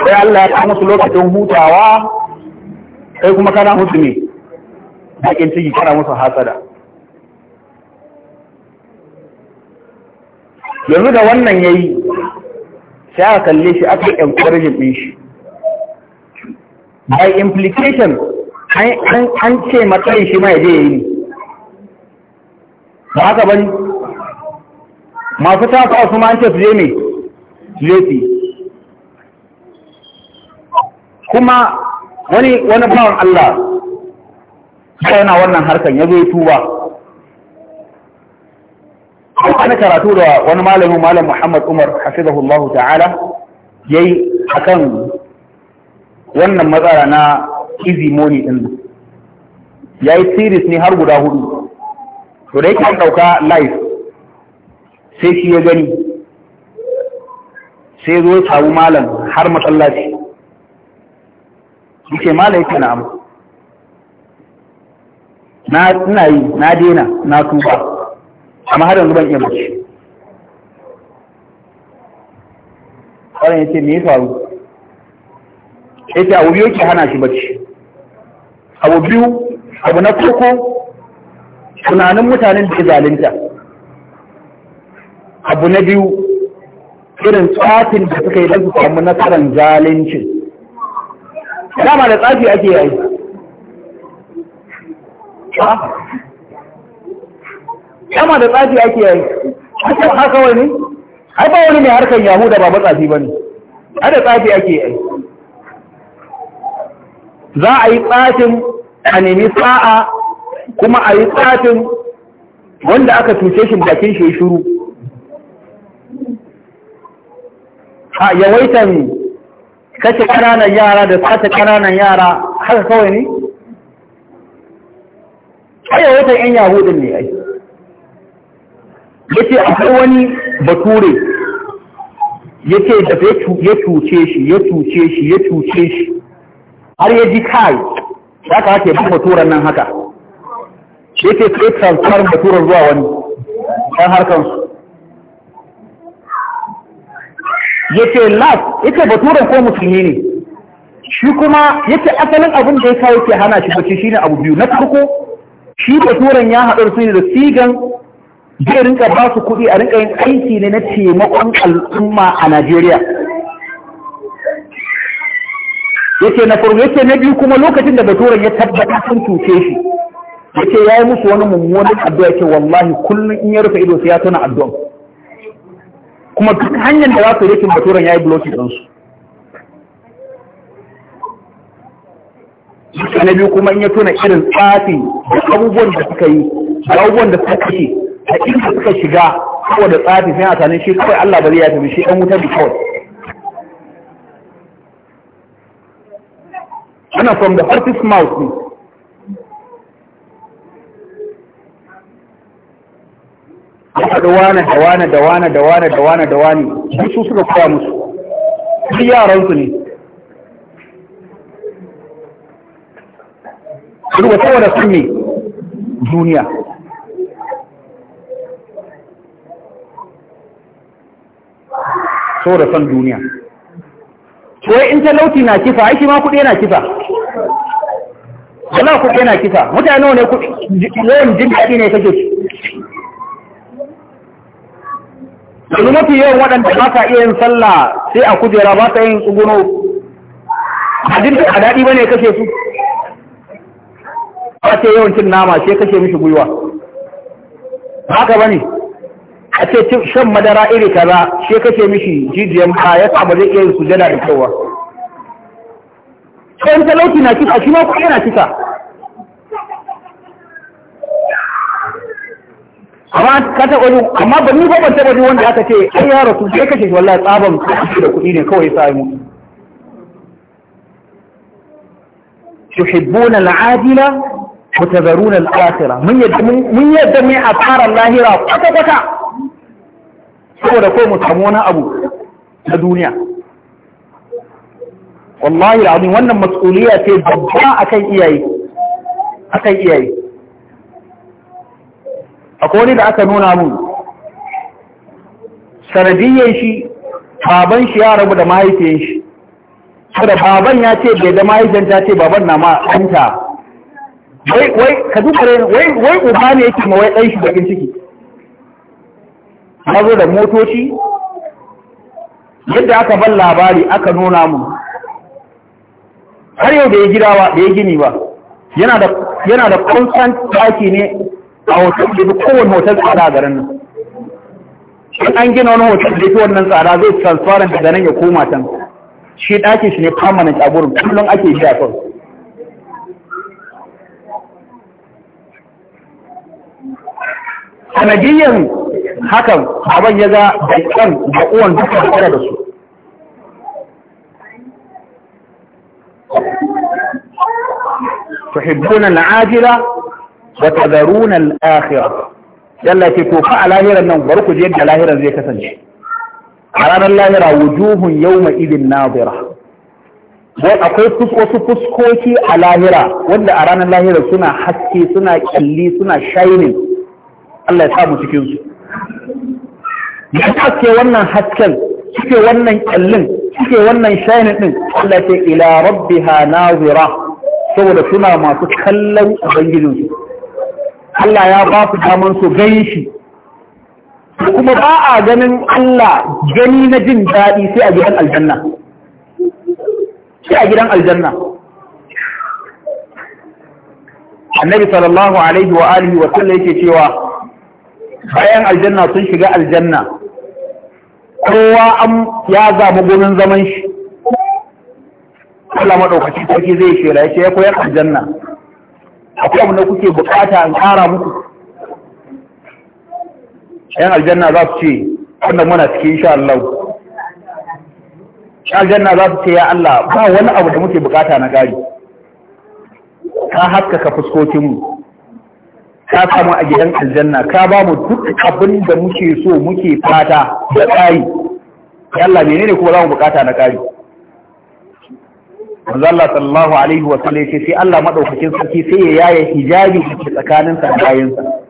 Speaker 1: sai Allah ya su lokacin hutawa sai kuma kana musu ne bakin ciki kana musu hasada yanzu da wannan yayi sai aka kalle shi aka encourage din shi by implication an ce matsayin shi ma yaje yayi ba haka bane masu tafa su ma an ce su je ne fi kuma wani wani bawan Allah yana wannan harkan ya zo tuba ana karatu da wani malami malam Muhammad Umar hafizahullahu ta'ala yayi akan wannan matsala na izimoni din yayi series ne har guda hudu to da yake an dauka live sai shi ya gani sai zo ya samu malam har masallaci yake mala yake na'am na ina yi na dena na tuba amma har yanzu ban iya mace wannan yace me ya faru yace abu biyu ke hana shi bacci abu biyu abu na farko tunanin mutanen da ke zalunta abu na biyu
Speaker 2: irin tsatin da suka yi lantarki na samu
Speaker 1: zalincin
Speaker 2: dama da tsafi ake yayi dama da tsafi
Speaker 1: ake yayi haka kawai ne ai ba wani mai harkar yahuda ba matsafi ba ne ai da tsafi ake yayi za a yi tsafin a nemi sa'a kuma a yi tsafin wanda aka cuce shi bakin shi shuru a yawaitan
Speaker 2: kace kananan yara da sace kananan
Speaker 1: yara haka kawai ne ayyar watan yan yahudin ne ai yace akwai wani bature yace da ya cuce shi ya cuce shi ya cuce shi har ya ji kai ya kamata ya bi baturan nan haka
Speaker 2: yake kai transfer baturan zuwa wani ɗan harkansu yace lab yace
Speaker 1: baturen ko musulmi ne shi kuma yake asalin abin da ya kawo ke hana shi bacci shine abu biyu na farko shi baturen ya haɗu su ne da sigan zai rinka ba su kuɗi a rinka yin aiki ne na taimakon al'umma a Najeriya yace na farko yace na biyu kuma lokacin da baturen ya tabbata sun cuce shi ya yi musu wani mummunan addu'a yake wallahi kullum in ya rufe ido sai ya tuna addu'a kuma duk hanyar da za su rikin maturan ya yi bloki ɗinsu na biyu kuma in ya tona irin tsafi da abubuwan da suka yi da abubuwan da suka kashe a inda suka shiga da tsafi sai a tanin shi kawai Allah ba zai ya tafi shi ɗan wuta da kawai
Speaker 2: ana from the artist mouth ne ya haɗu wane da wane
Speaker 1: da wane da wane da wane da wane duk su suka koya musu duk yaransu ne
Speaker 2: duk wata wani sun ne
Speaker 1: duniya saboda son duniya wai in talauci na kifa aiki ma kuɗi yana kifa
Speaker 2: wala kuɗi yana
Speaker 1: kifa mutane ne kuɗi yawan jin daɗi ne kake yanzu mafi yawan waɗanda ba sa iya yin sallah sai a kujera ba sa yin tsuguno
Speaker 2: a jirgin a daɗi ba ne kashe su ba ce yawan cin nama sai kashe mishi gwiwa ka ba ne
Speaker 1: a ce shan madara iri kaza sai kashe mishi jijiyan ba ya samu zai iya yin sujada da kyauwa sai talauci na kisa shi ma kuma yana kisa
Speaker 2: amma ka taɓa wani amma ba ni
Speaker 1: ban taɓa wani wanda aka ce ai ya rasu sai kake shi wallahi tsaban kashi da kuɗi ne kawai sai mu تحبون العادلة وتذرون الآخرة من يدمي أثار الله راب أتا بكا سوى لكو متحمونا أبو لدنيا والله العظيم وانا مسؤولية في الضباء أكي إياي أكي إياي akwai wani da aka nuna mun sanadiyyar shi baban shi ya rabu da mahaifiyar shi da baban ya ce bai da mahaifiyar ta ce baban na ma ɗanta wai wai ka duka wai wai uba ne yake ma wai ɗan shi bakin ciki mazo da motoci yadda aka ban labari aka nuna mun har yau da ya gida ba da ya gini ba yana da yana da constant ɗaki ne a hotel da kowane hotel tsada a garin nan in an gina wani hotel da fi wannan tsada zai transparent daga nan ya koma can shi ɗakin shi ne permanent a gurin kullum ake shi a A sanadiyyar hakan abin ya ga daikan da uwan duka tsara da su
Speaker 2: tuhibbuna na'ajira. wa tadharuna al-akhirah yalla ce to fa a lahiran nan
Speaker 1: bar ku je yadda lahiran zai kasance a ranar lahira wujuhun yawma idin nadira wai akwai wasu fuskoki a lahira wanda a ranar lahira suna haske suna kyalli suna shining Allah ya samu cikin su
Speaker 2: ya haske wannan hasken cike wannan kyallin cike wannan
Speaker 1: shining din Allah ce ila rabbiha nazira saboda suna masu kallon ubangijinsu Allah ya ba su daman su gani shi kuma ba a ganin Allah gani na jin daɗi sai a gidan aljanna a gidan aljanna annabi sallallahu alaihi wa alihi wa sallam yake cewa bayan aljanna sun shiga aljanna kowa an ya zama gurin zaman shi Allah maɗaukacin sarki zai shela ya ce ya koyar aljanna akwai abin da kuke bukata in kara muku yan aljanna za su ce wannan muna cikin insha Allah
Speaker 2: aljanna za su ce ya Allah ba wani abu da muke
Speaker 1: bukata na gari ka haskaka fuskokinmu ka samu a gidan aljanna ka ba mu duk abin da muke so muke fata da tsari ya Allah menene kuma za mu bukata na gari manzo Allah sallallahu alaihi wa sallam yace sai Allah madaukakin sarki sai ya yaya hijabi ke tsakanin sa da bayin sa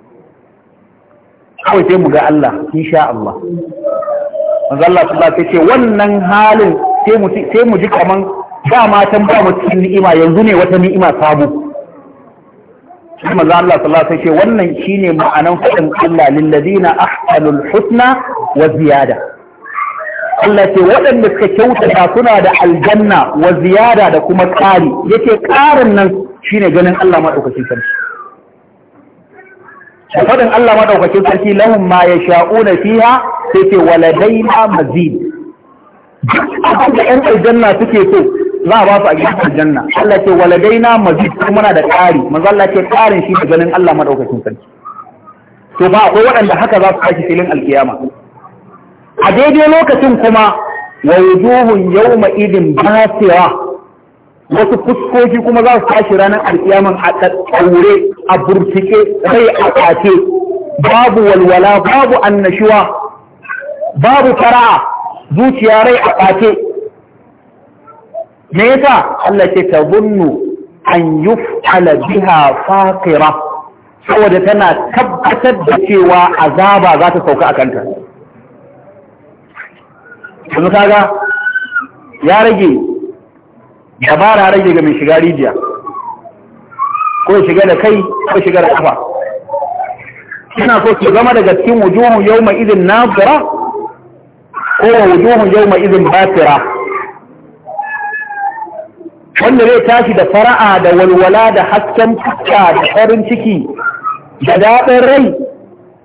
Speaker 1: kawai sai mu ga Allah insha Allah manzo Allah sallallahu alaihi yace wannan halin sai mu sai mu ji kaman ba matan ba mu cikin ni'ima yanzu ne wata ni'ima sabu shi manzo Allah sallallahu alaihi yace wannan shine ma'anan fadin Allah lil ladina ahsanul husna wa ziyada Allah ce waɗanda suka kyautata suna da aljanna wa ziyada da kuma ƙari yake ƙarin nan shine ganin Allah maɗaukakin sarki da faɗin Allah maɗaukakin sarki lahum ma yasha'una fiha sai ce waladaina mazid abin da ƴan aljanna suke so za a ba su a gidan aljanna Allah ce waladaina mazid kuma muna da ƙari manzo Allah ce ƙarin shi da ganin Allah maɗaukakin sarki to ba akwai waɗanda haka za su tashi filin alkiyama a daidai lokacin kuma wa wujuhun yawma idin basira wasu fuskoki kuma za su tashi ranar alkiyaman a tsaure a burtike rai a kace babu walwala babu annashuwa babu fara'a zuciya rai a kace me yasa Allah ke ta an yuf'ala biha faqira saboda tana tabbatar da cewa azaba za ta sauka a kanta yanzu kaga ya rage dabara rage ga mai shiga rijiya ko shiga da kai ko shiga da kafa
Speaker 2: suna so su zama daga cikin wujuhun yau mai izin nazira ko wujuhun yau mai izin basira wanda zai tashi
Speaker 1: da fara'a da walwala da hasken fuska da farin ciki da daɗin rai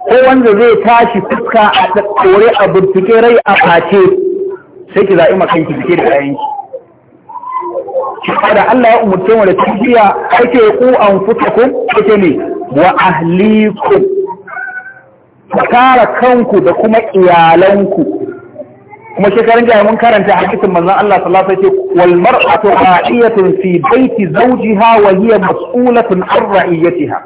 Speaker 1: ko wanda zai tashi fuska a tsakore a bincike rai a face sai ki zaɓi makanki ki da kayan ki da Allah ya umurce mu da tafiya ake ku an futakum ake ne wa ahlikum kare kanku da kuma iyalanku kuma shekarun jami'in mun karanta hadisin manzon Allah sallallahu alaihi wasallam wal mar'atu ra'iyatun fi baiti zawjiha wa hiya mas'ulatun an ra'iyatiha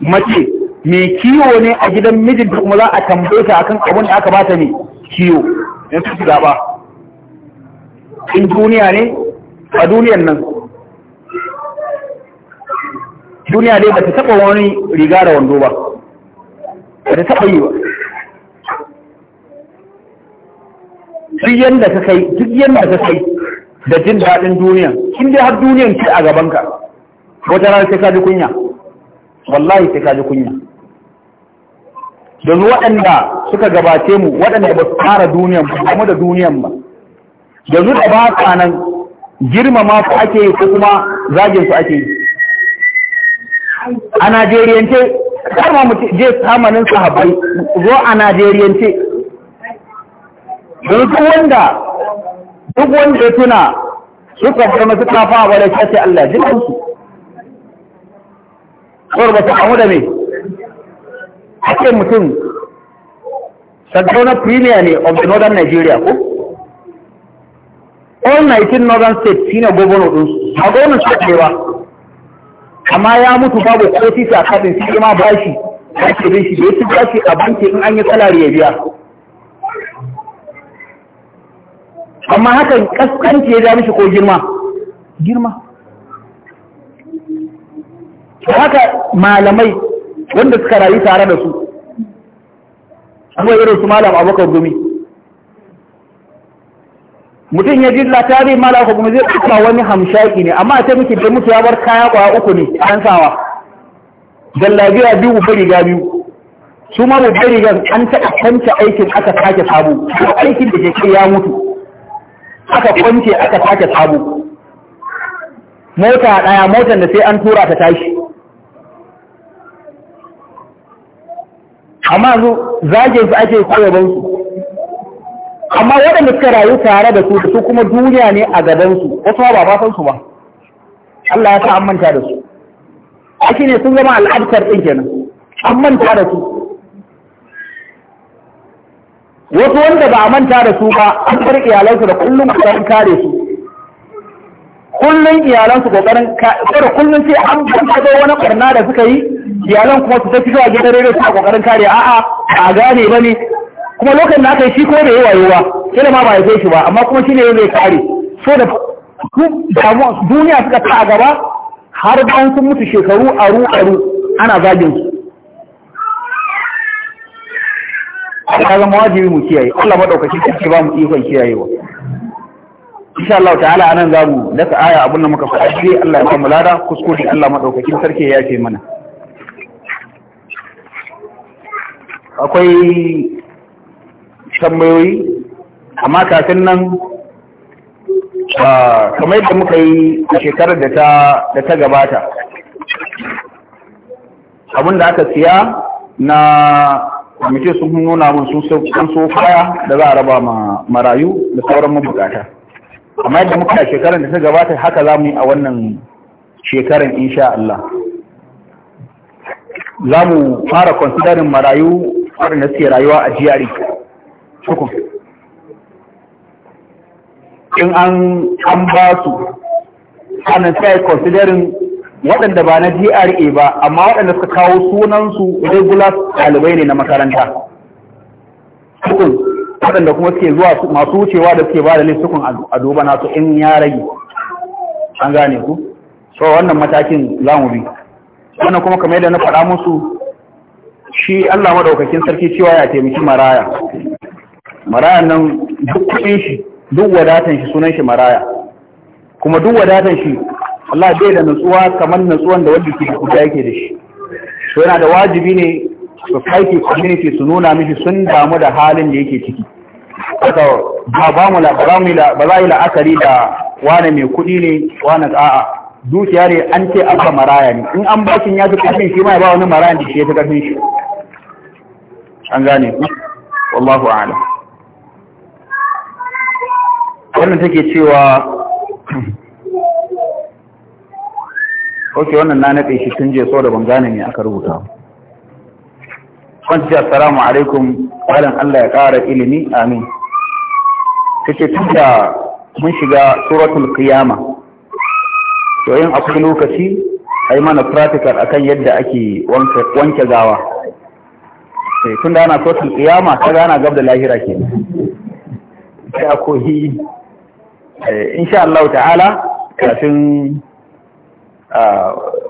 Speaker 1: mace mai kiwo ne a gidan mijinta kuma za a tambaye ta akan abin da aka bata ne kiwo in su zaɓa in duniya ne a duniyan nan duniya dai ba ta taɓa wani riga da wando ba ba ta taɓa yi ba duk yadda ka kai duk yadda ka kai da jin daɗin duniyan in dai har duniyan ce a gabanka wata rana sai ka ji kunya wallahi sai ka ji kunya yanzu waɗanda suka gabace mu waɗanda ba su fara duniyan ba kuma da duniyan ba yanzu da ba ka nan girmama su ake yi ko kuma zagin su ake yi a najeriyance har ma mutu je samanin sahabbai zo a najeriyance
Speaker 2: yanzu duk wanda
Speaker 1: duk wanda ya tuna
Speaker 2: suka farma suka fa wa da
Speaker 1: Allah jikinsu kawai ba su amu da mai,
Speaker 2: ake mutum Sardauna premier
Speaker 1: ne of the northern Nigeria ko? All 19 northern states shi ne gobono ɗinsu, a gobonin su amma ya mutu babu su a kafin su shi ma bashi, bashi bin shi da yake ba bashi a banki in an yi salari ya biya.
Speaker 2: Amma hakan kaskanci ya ja mishi ko girma? Girma. Haka malamai wanda suka rayu
Speaker 1: tare da su amma irin su malam abokar gumi mutum ya jilla tare malam abokar gumi zai kuma wani hamshaki ne amma a ce miki da mutu ya bar kaya kwa uku ne an sawa jallabiya biyu babbar riga biyu su ma babbar rigan an taɓa kwance aikin aka sake sabu aikin da ke kai ya mutu aka kwance aka sake sabu mota ɗaya motar da sai an tura ta tashi amma zo zagin su ake koyaban su
Speaker 2: amma waɗanda suka rayu
Speaker 1: tare da su su kuma duniya ne a su, wasu ba ba san su ba Allah ya sa an manta da su ake ne sun zama al'adkar din kenan an manta da su wasu wanda ba a manta da su ba an bar iyalansu da kullum kokarin kare su kullum iyalansu kokarin kare kullum sai an banta wani barna da suka yi iyalan kuma su tafi zuwa gidan rere suna kokarin kare a'a a gane ba ne kuma lokacin da aka yi shi ko da yawa yawa da ma ba ya shi ba amma kuma shi ne zai kare so da duniya suka ta a gaba har da sun mutu shekaru aru aru ana zagin su ka zama wajibi mu kiyaye Allah madaukakin sarki ba mu ikon kiyayewa insha Allah ta'ala anan zamu daka aya abun da muka faɗa shi Allah ya ba mu lada kuskure Allah madaukakin sarki ya ce mana akwai tambayoyi amma kafin nan
Speaker 2: kamar da muka yi a shekarar da ta gabata
Speaker 1: abinda aka siya na kwamitin sun nuna mun sun so kaya da za a raba marayu da sauran mabukata amma yadda muka a shekarar da ta gabata haka za mu yi a wannan shekarar insha Allah za mu fara considering marayu waɗanda suke rayuwa a jiyari cikin e. in an ba su ana sai considering waɗanda ba na GRA e ba amma waɗanda suka kawo sunansu regular ɗalibai ne na makaranta cikin waɗanda kuma suke zuwa masu wucewa da suke ba da lissukun a duba nasu in ya rage an gane ku so wannan matakin za mu bi wannan kuma kamar yadda na faɗa musu shi Allah madaukakin sarki cewa ya taimaki maraya maraya nan duk kudin shi duk wadatan shi sunan shi maraya kuma duk wadatan shi Allah bai da nutsuwa kamar nutsuwan da wanda ke da yake da shi so yana da wajibi ne society community su nuna mishi sun damu da halin da yake ciki haka ba mu la ba za mu la yi la'akari da wane mai kudi ne wane a'a dukiya ne an ce an ba maraya ne in an bakin ya fi karfin shi ma ya ba wani maraya da shi ya fi karfin shi an gane ku wallahu ala wannan take cewa
Speaker 2: ok wannan na naɗe shi tun
Speaker 1: je so da ban gane ne aka rubuta kwanci assalamu alaikum ƙwarin Allah ya ƙara ilimi amin take tun da mun shiga suratul kiyama to yin akwai lokaci a yi mana practical akan yadda ake wanke gawa sai eh, tun da ana sautin iyama ta gana gab da lahira ke sai a koyi eh, insha Allah ta'ala kafin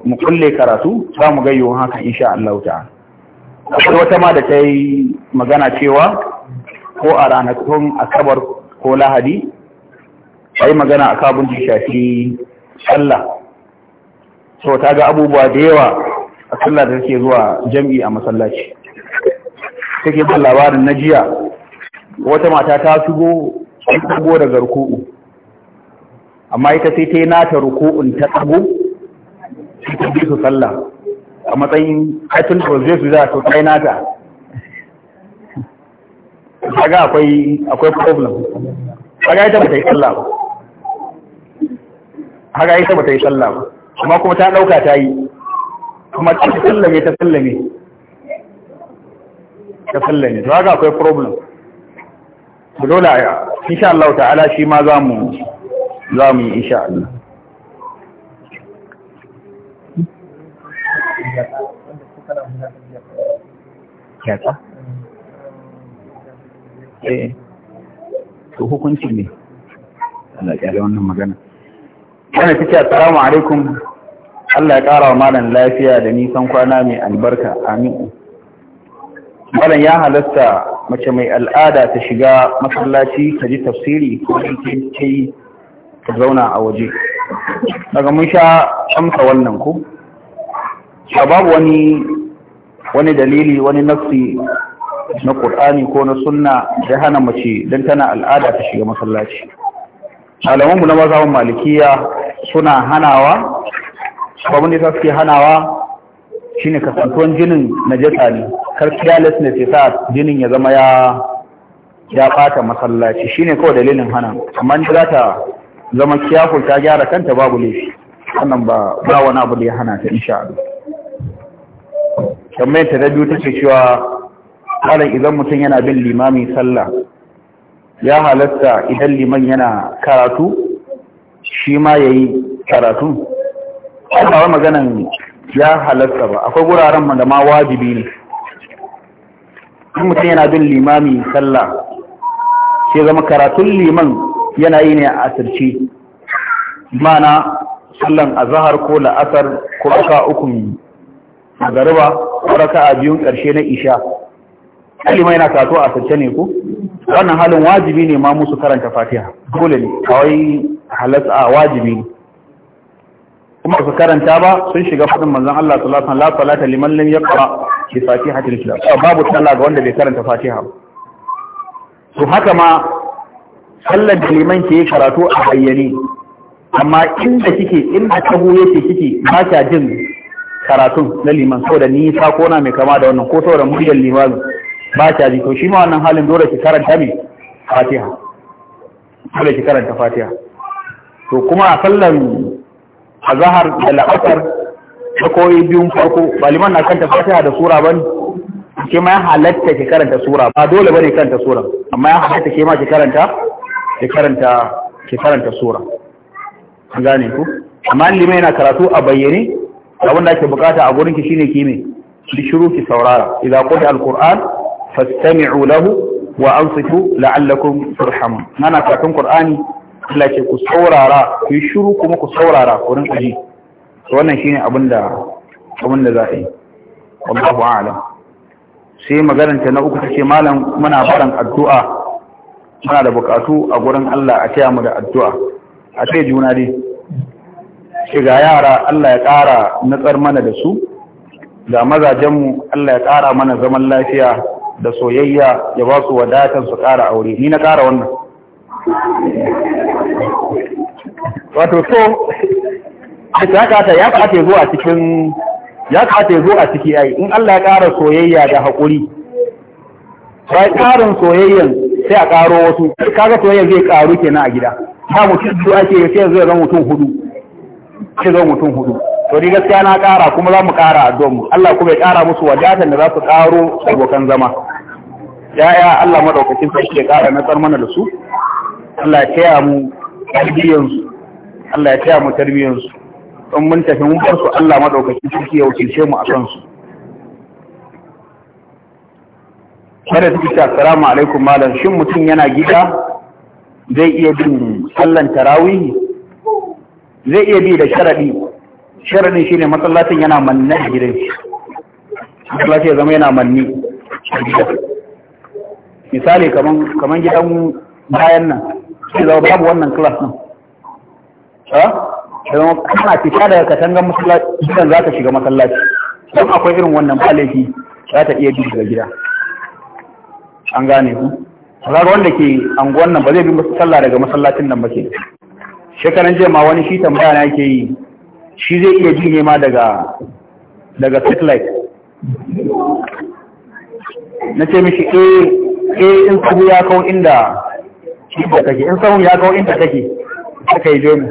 Speaker 1: mu kulle karatu za mu gayyo haka insha Allah ta'ala
Speaker 2: akwai wata ma da
Speaker 1: ta yi magana cewa ko a ranakun asabar ko lahadi a yi magana a kabin shafi sallah so ta ga abubuwa da yawa a sallah da take zuwa jam'i a masallaci take ban labarin na jiya wata mata ta shigo ta shigo daga ruku'u amma ita sai ta yi nata ruku'un ta tsago ta bi su sallah a matsayin katin da zai su za su kai nata kaga akwai akwai problem ga ita ba ta yi sallah ba Haka aisha ba ta yi sallah ba amma kuma ta dauka ta yi kuma ta sallame ta sallame ta sallame to haka akwai problem to dole insha Allah ta'ala shi ma zamu zamu yi insha Allah kyata eh to hukunci ne Allah ya wannan magana wani ta ce assalamu alaikun Allah ya ƙara wa malam lafiya da nisan kwana mai albarka amin malam ya halatta mace mai al'ada ta shiga masallaci ta ji tafsiri ko ce yi ta zauna a waje daga mun sha amsa wannan ku. a babu wani wani dalili wani nafsi na ƙur'ani ko na sunna da hana mace don tana al'ada ta shiga masallaci malamanmu na mazhaban malikiya suna hanawa abin da suke hanawa shine kasantuwan jinin najasa ne kar carelessness ya sa jinin ya zama ya ya bata masallaci shine kawai dalilin hana amma za ta zama kiyafu ta gyara kanta babu laifi wannan ba ba wani abu da ya hana ta insha Allah kamar ta da biyu ce cewa malam idan mutum yana bin limamin sallah ya halatta idan liman yana karatu shi ma ya yi karatu ba maganan ya halatta ba akwai wuraren da ma wajibi ne in mutum yana bin limami sallah sai zama karatun liman yana yi ne a asirci mana sallan azahar ko la'asar ko raka ukun magariba ko raka a biyun ƙarshe na isha liman yana kato a asirce ne ko wannan halin wajibi ne ma musu karanta fatiha dole ne kawai halatta wajibi ne kuma su karanta ba sun shiga fadin manzon Allah sallallahu alaihi wasallam la salata liman lam yaqra bi fatihatil kitab babu sallah ga wanda bai karanta fatiha ba to haka ma sallar da liman ke karatu a bayyane amma inda kike inda tabu yake kike ba ta jin karatun na liman saboda nisa ko na mai kama da wannan ko saboda muryar limamin ba ta ji to shi ma wannan halin dole ki karanta ne fatiha dole ki karanta fatiha to kuma a sallan azhar da la'asar ko koyi biyun farko Baliman na kanta fatiha da sura bane ke ma halatta ki karanta sura ba dole bane karanta sura amma ya halatta ke ma ki karanta ki karanta ki karanta sura an gane ku amma limai yana karatu a bayyane abin da ake bukata a gurin ki shine ki me ki shiru ki saurara idan ta alquran fastami'u lahu wa ansitu la'allakum turhamun nana karatun qur'ani Allah ce ku saurara ku yi shiru kuma ku saurara ku rinka ji to wannan shine abin da abin da za a yi wallahu a'lam sai magaranta na uku tace malam muna faran addu'a muna da bukatu a gurin Allah a taya mu da addu'a a sai juna dai shiga yara Allah ya ƙara natsar mana da su da mazajenmu Allah ya ƙara mana zaman lafiya da soyayya ya ba su wadatar su ƙara aure ni na ƙara wannan
Speaker 2: wato so
Speaker 1: ya kata ya kata zo a cikin ya kata zo a ciki ai in Allah ya ƙara soyayya da haƙuri sai ƙarin soyayyan sai a ƙaro wasu kaga soyayya zai ƙaru kenan a gida ta mutum su ake sai zai zama mutum hudu sai zama mutum hudu to ni gaskiya na ƙara kuma za mu ƙara a mu Allah kuma ya ƙara musu wajatan da za su ƙaro abokan zama ya'ya Allah madaukakin sarki ya kara na mana da su Allah ya taya mu tarbiyyansu Allah ya taya mu tarbiyyansu don mun tafi mun bar su Allah madaukakin sarki ya wakilce mu a kansu kada su ta assalamu alaikum malam shin mutum yana gida zai iya bin sallan tarawih zai iya bi da sharadi shi ne masallacin yana manne a gidan shi masallaci ya zama yana manne a gidan misali kaman gidan bayan nan
Speaker 2: shi zama babu wannan class din Ya
Speaker 1: zama kana fita daga katangan masallaci gidan za ta shiga masallaci don akwai irin wannan balafi za ta iya bi daga gida an gane ku ga wanda ke anguwan nan ba zai bi sallah daga masallacin nan ba ke shekaran jiya ma wani shi tambaya na ke yi shi zai iya ji nema daga daga satellite
Speaker 2: na ce mishi A eh, eh, in sahu ya kawo
Speaker 1: inda inda take, in sahun ya kawo inda take aka yi jomi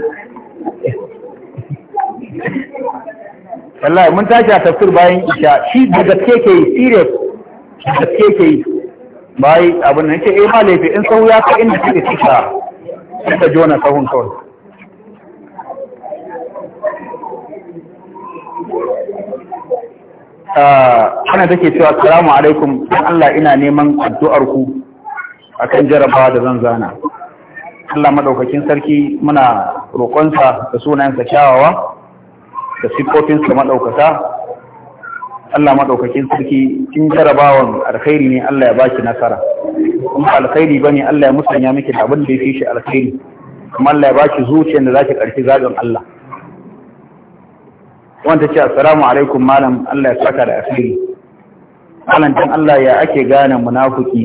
Speaker 1: wallahi mun tashi a tafsir bayan isha shi da gaske ke yi serious da gaske ke yi bayan abin nan ce eh, A ma laifi in sahu ya kawo inda kake
Speaker 2: tisha ta jona sahun kawai Ah, hana take cewa salamu alaikum dan
Speaker 1: Allah ina neman addu'ar ku akan jaraba da zan zana Allah madaukakin sarki muna roƙonsa da sunayensa kyawawa da siffofinsa madaukaka Allah madaukakin sarki in jarabawan alkhairi ne Allah ya baki nasara kuma alkhairi bane Allah ya musanya miki da abin da ya fi shi alkhairi kuma Allah ya baki zuciyar da zaki karfi zagan Allah wanda ce assalamu alaikum malam Allah ya saka da asiri malam dan Allah ya ake gane munafiki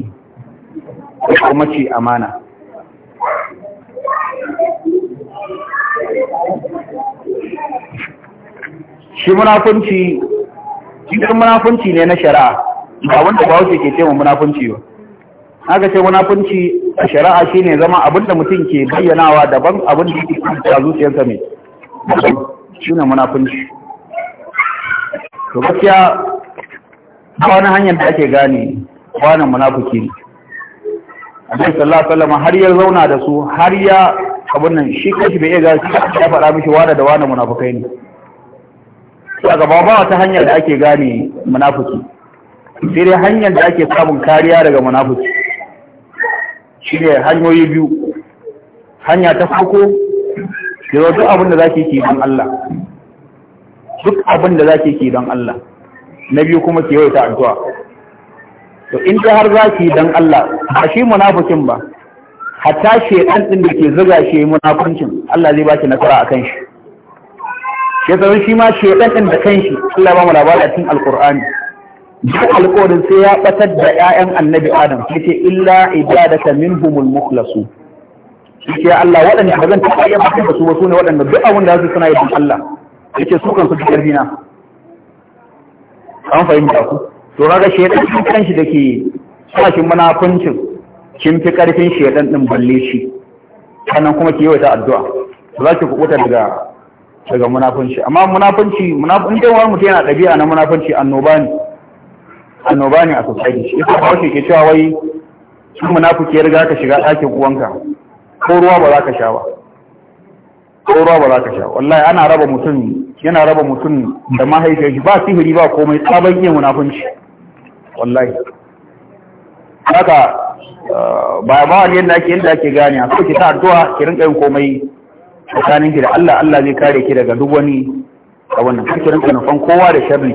Speaker 1: ko kuma ci amana shi munafunci cikin munafunci ne na shari'a ba wanda ba wuce ke ce mu munafunci ba haka ce munafunci a shari'a shine zama abin da mutum ke bayyanawa daban abinda da yake cikin zuciyarsa mai shine munafunci
Speaker 2: to gaskiya ba wani hanyar da ake
Speaker 1: gane kwanan munafiki ne abin sallallahu alaihi har ya zauna da su har ya abun nan shi kashi bai iya shi ya faɗa mishi wada da wani munafikai ne a gaba ba wata hanyar da ake gane munafiki sai dai hanyar da ake samun kariya daga munafiki shi ne hanyoyi biyu hanya ta farko
Speaker 2: ki zo duk abin da zaki ki don
Speaker 1: Allah duk abin da zaki ke don Allah na biyu kuma ki yawaita addu'a to in ta har zaki don Allah ba shi munafukin ba Hata hatta ɗan ɗin da ke zuga shi munafincin Allah zai baki nasara akan shi shekarun shi ma ɗan ɗin da kanshi Allah ba mu labari a cikin alqur'ani duk alƙawarin sai ya batar da 'ya'yan annabi adam ce illa ibadaka minhumul mukhlasu ce Allah waɗanda ba zan taɓa iya yi da su ba su ne waɗanda duk abin da su suna yi don Allah yake su kan su karfi na an fahimta ku to kaga shedan shi kanshi dake sa shi munafincin kin fi karfin shedan din balle shi sannan kuma ki yi wata addu'a Za ki kuɓuta daga daga munafunci amma munafunci munafin dai wani mutum yana ɗabi'a na munafunci annoba ne annoba ne a society shi yasa kawai ke cewa wai shi munafuki ya riga ka shiga ɗakin uwanka ko ruwa ba za ka sha ba ko ruwa ba za ka sha wallahi ana raba mutum yana raba mutum da mahaifiyar shi ba sihiri ba komai tsaban iya munafunci wallahi haka uh, ba ba wani yadda ake yadda ake gane a so ki ta addu'a ki rinka yin komai tsakanin ki da Allah Allah zai kare ki daga duk wani a wannan har ki rinka nufan kowa da sharri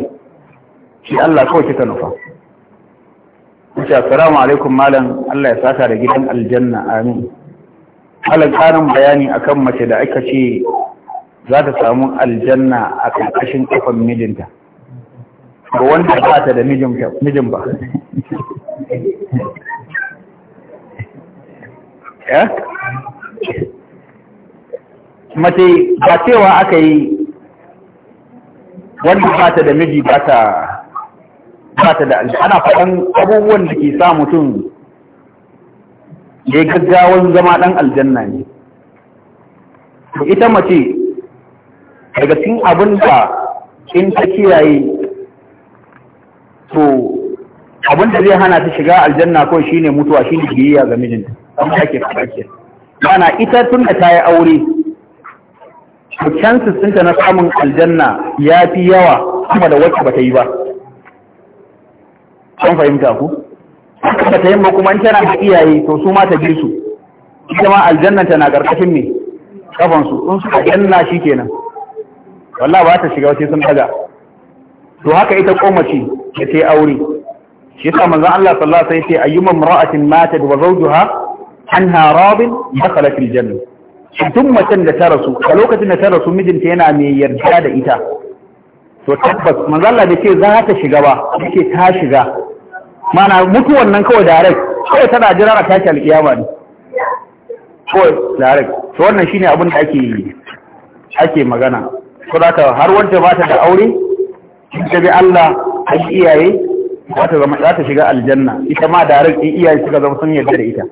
Speaker 1: shi Allah kawai kika nufa Insha assalamu alaikum malam Allah ya saka da gidan aljanna amin. Halan karin bayani akan mace da aka ce za ta samu aljanna a ƙarƙashin ƙafan mijinta ba wanda ba ta da mijin ba mace ba cewa aka yi wanda ba ta da miji ba ta da aljanna ana faɗan abubuwan da ke sa mutum ya gaggawan zama ɗan aljanna ne ita mace daga cikin abin da in ta kiyaye to abin da zai hana ta shiga aljanna ko shine mutuwa shine biyayya ga mijinta amma ake fadake mana ita tun da ta yi aure to chances ta na samun aljanna ya fi yawa kuma da wacce ba ta yi ba an fahimta ku ba ta yi ba kuma in tana da iyaye to su ma ta bi su ita ma aljanna ta na ƙarƙashin me kafansu in su aljanna shikenan kenan wallahi ba ta shiga wace sun daga to haka ita komace da ta yi aure shi yasa manzon Allah sallallahu alaihi wasallam sai ayyuma imra'atin matat wa zawjuha anha radin dakhalat aljanna duk macen da ta rasu a lokacin da ta rasu mijinta yana mai yarda da ita to tabbas manzon Allah bai ce za ta shiga ba yake ta shiga mana mutuwan nan kawai direct kawai tana jira a tashi alkiyama ne kawai direct to wannan shine abin da ake ake magana ko ta har wanda ba ta da aure ta bi Allah har iyaye za ta zama za ta shiga aljanna ita ma da ran iyaye suka zama sun yarda da ita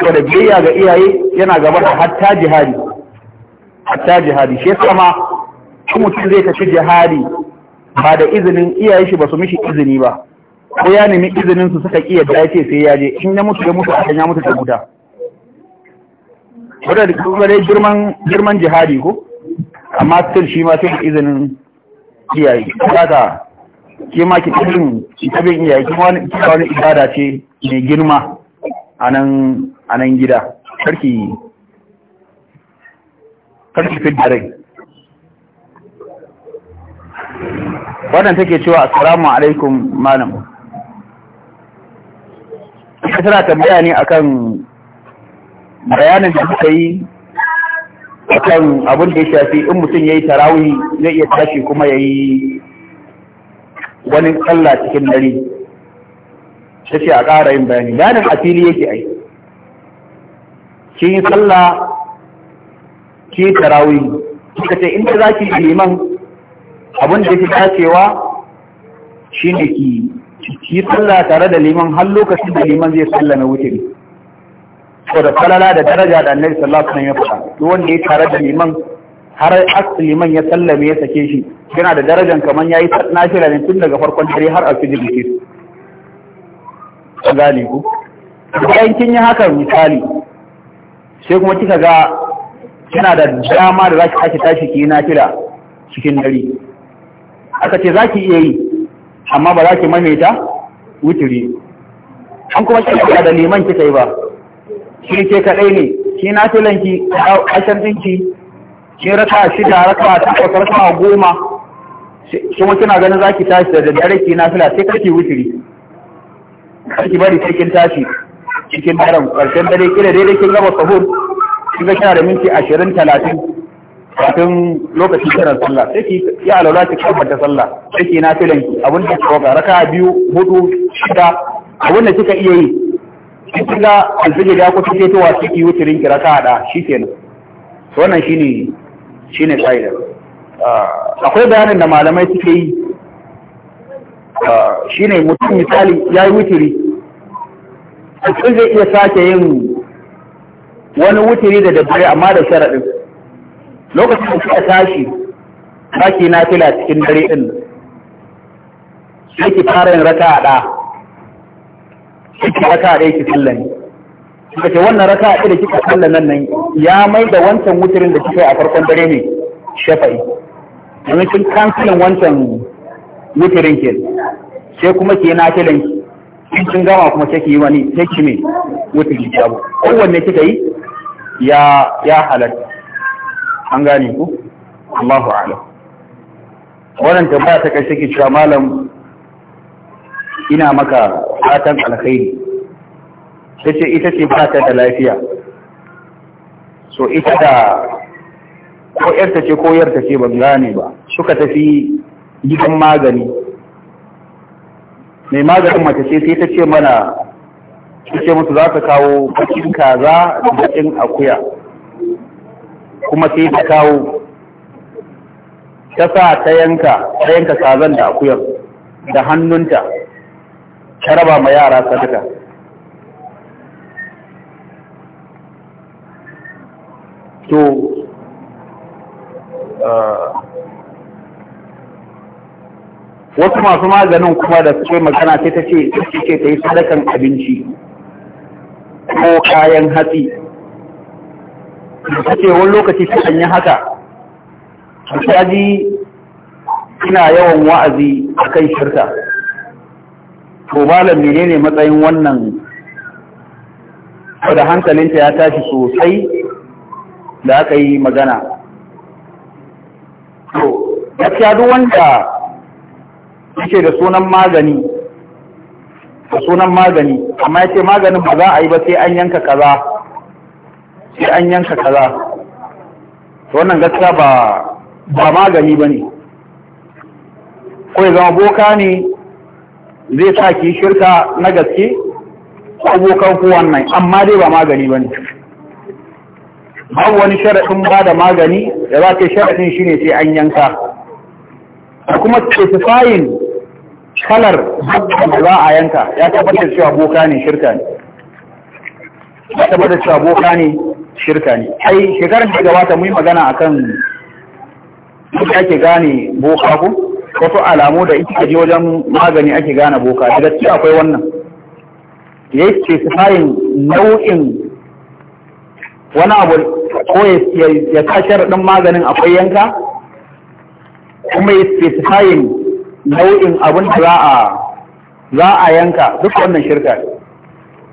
Speaker 1: ko da biyayya ga iyaye yana gaba da hatta jihadi hatta jihadi shi yasa ma shi mutum zai tafi jihadi ba da izinin iyaye shi ba su mishi izini ba ko ya nemi izinin su suka kiyar da yake sai ya je in ya mutu ya mutu a kan ya mutu ta guda wadda da kuma dai girman jihadi ko amma still shi ma sai izinin iyaye kaga ke ma ki tabin ki tabin iyaye ki wani ki wani ibada ce mai girma a nan gida karki karki fit da rai wannan take cewa assalamu alaikum malam ita tana tambaya ne akan bayanin da suka yi akan abin da ya shafi in mutum ya yi tarawi, zai iya tashi kuma ya yi wani tsalla cikin dare ta ce a ƙara yin bayani bayanin a fili yake ai shi yi tsalla ki tarawi. suka ce inda za ki liman abin da ya dacewa shi ne ki yi tsalla tare da liman har lokacin da liman zai tsalla na ne. ko da falala da daraja da annabi sallallahu alaihi wasallam ya fada wanda ya tare da liman har asu liman ya sallame ya sake shi yana da darajan kaman yayi nafila ne tun daga farkon dare har alfijir ke gani ku idan kin yi haka misali sai kuma kika ga kina da dama da zaki ake tashi ki nafila cikin dare aka ce zaki iya yi amma ba za ki maimaita wuturi an kuma kika da liman kika yi ba shi ke kaɗai ne shi na filanki ashirin ɗinki shi raka shida raka ƙasar raka goma kuma kina ganin zaki tashi da daddare ki na fila sai kake wuturi kake bari sai kin tashi cikin daren karshen dare kira daidai kin gaba sahur shi ga kina da minti ashirin talatin kafin lokacin kiran sallah sai ki yi alwala ki kabbata sallah sai ki na filanki abin da ki raka biyu hudu shida abin da kika iya yi in kin ga alfijir ya kusa fitowa sai ki wutirin ki raka da shikenan to wannan shine shine kaida ah, akwai bayanin da malamai suke yi ah, shine mutum misali ya yi wutiri mutum zai iya sake yin wani wutiri da daddare amma da sharaɗin lokacin da suka tashi baki na fila cikin dare ɗin sai ki fara yin raka a ɗa kike raka ɗaya ki sallame kika ce wannan raka ɗaya da kika sallame nan nan ya mai da wancan wutirin da kika yi a farkon dare ne shafa'i domin kin kansilin wancan wutirin ke
Speaker 2: sai kuma ke na
Speaker 1: kilin kin kin gama kuma sai ki yi wani sai ki me wutiri ki abu kowanne kika yi ya ya halatta an gane ku Allahu a'lam wannan tambaya ta kai ki cewa malam ina maka fatan alkhairi sai ita ce ba ta da lafiya so ita da ko yarta ce ko yarta ce ban gane ba suka tafi gidan magani mai maganin mace ce sai ta ce mana ta ce musu za ta kawo bakin kaza da bakin akuya kuma sai ta kawo ta sa ta yanka ta yanka kazan da akuyar da hannunta
Speaker 2: ta raba ma yara
Speaker 1: sadaka to uh, wasu masu maganin kuma da suke magana sai ta ce ta yi sadakan abinci ko kayan hatsi ta ce wani lokaci an yi haka ta ji ina yawan wa'azi akan shirka to malam menene matsayin wannan da hankalinta ya tashi sosai da aka yi magana to ci duk wanda yake da sunan magani da sunan magani amma yake maganin ba za a yi ba sai an yanka kaza sai an yanka kaza to wannan gaskiya ba ba magani bane ko ya zama boka ne zai sa ki shirka na gaske abokan ku wannan amma dai ba magani ba ne wani sharaɗin ba da magani da za ka sharaɗin shi ne sai an yanka kuma specifying kalar da za a yanka ya tabbatar cewa boka ne shirka ne
Speaker 2: ya tabbatar cewa
Speaker 1: boka ne shirka ne ai shekarar da gabata mu yi magana akan ya ke gane boka ku wasu alamu da ita je wajen magani ake gane boka da gaskiya akwai wannan ya ce nau'in wani abu ko ya kashar ɗin maganin akwai yanka kuma ya ce nau'in abin da za a yanka duk wannan shirka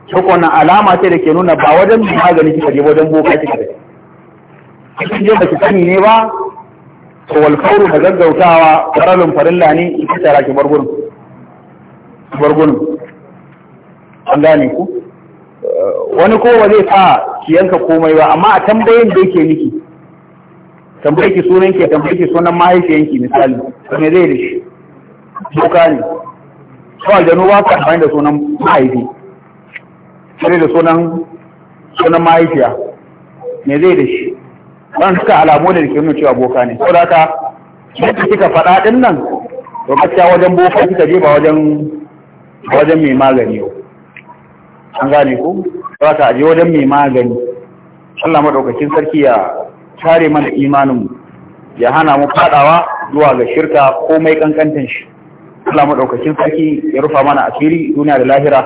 Speaker 1: duk wannan alama ce da ke nuna ba wajen magani kika je wajen boka kika da kika je ba ki sani ne ba to wal fawru da gaggautawa faralun farilla ne ita tara ki bargun an gane ku wani ko zai sa ki yanka komai ba amma a tambayin da yake miki tambaye ki sunan ki tambaye ki sunan mahaifiyanki misali me zai da shi doka ne Su aljanu ba ka amfani da sunan mahaifi sai da sunan sunan mahaifiya me zai da shi ban suka alamu da ke nuna cewa boka ne saboda haka yadda suka faɗa ɗin nan to gaskiya wajen boka kika je ba wajen wajen mai magani yau an gane ku za ka aje wajen mai magani Allah madaukakin sarki ya tare mana imanin ya hana mu fadawa zuwa ga shirka ko mai kankantan shi Allah madaukakin sarki ya rufa mana asiri duniya da lahira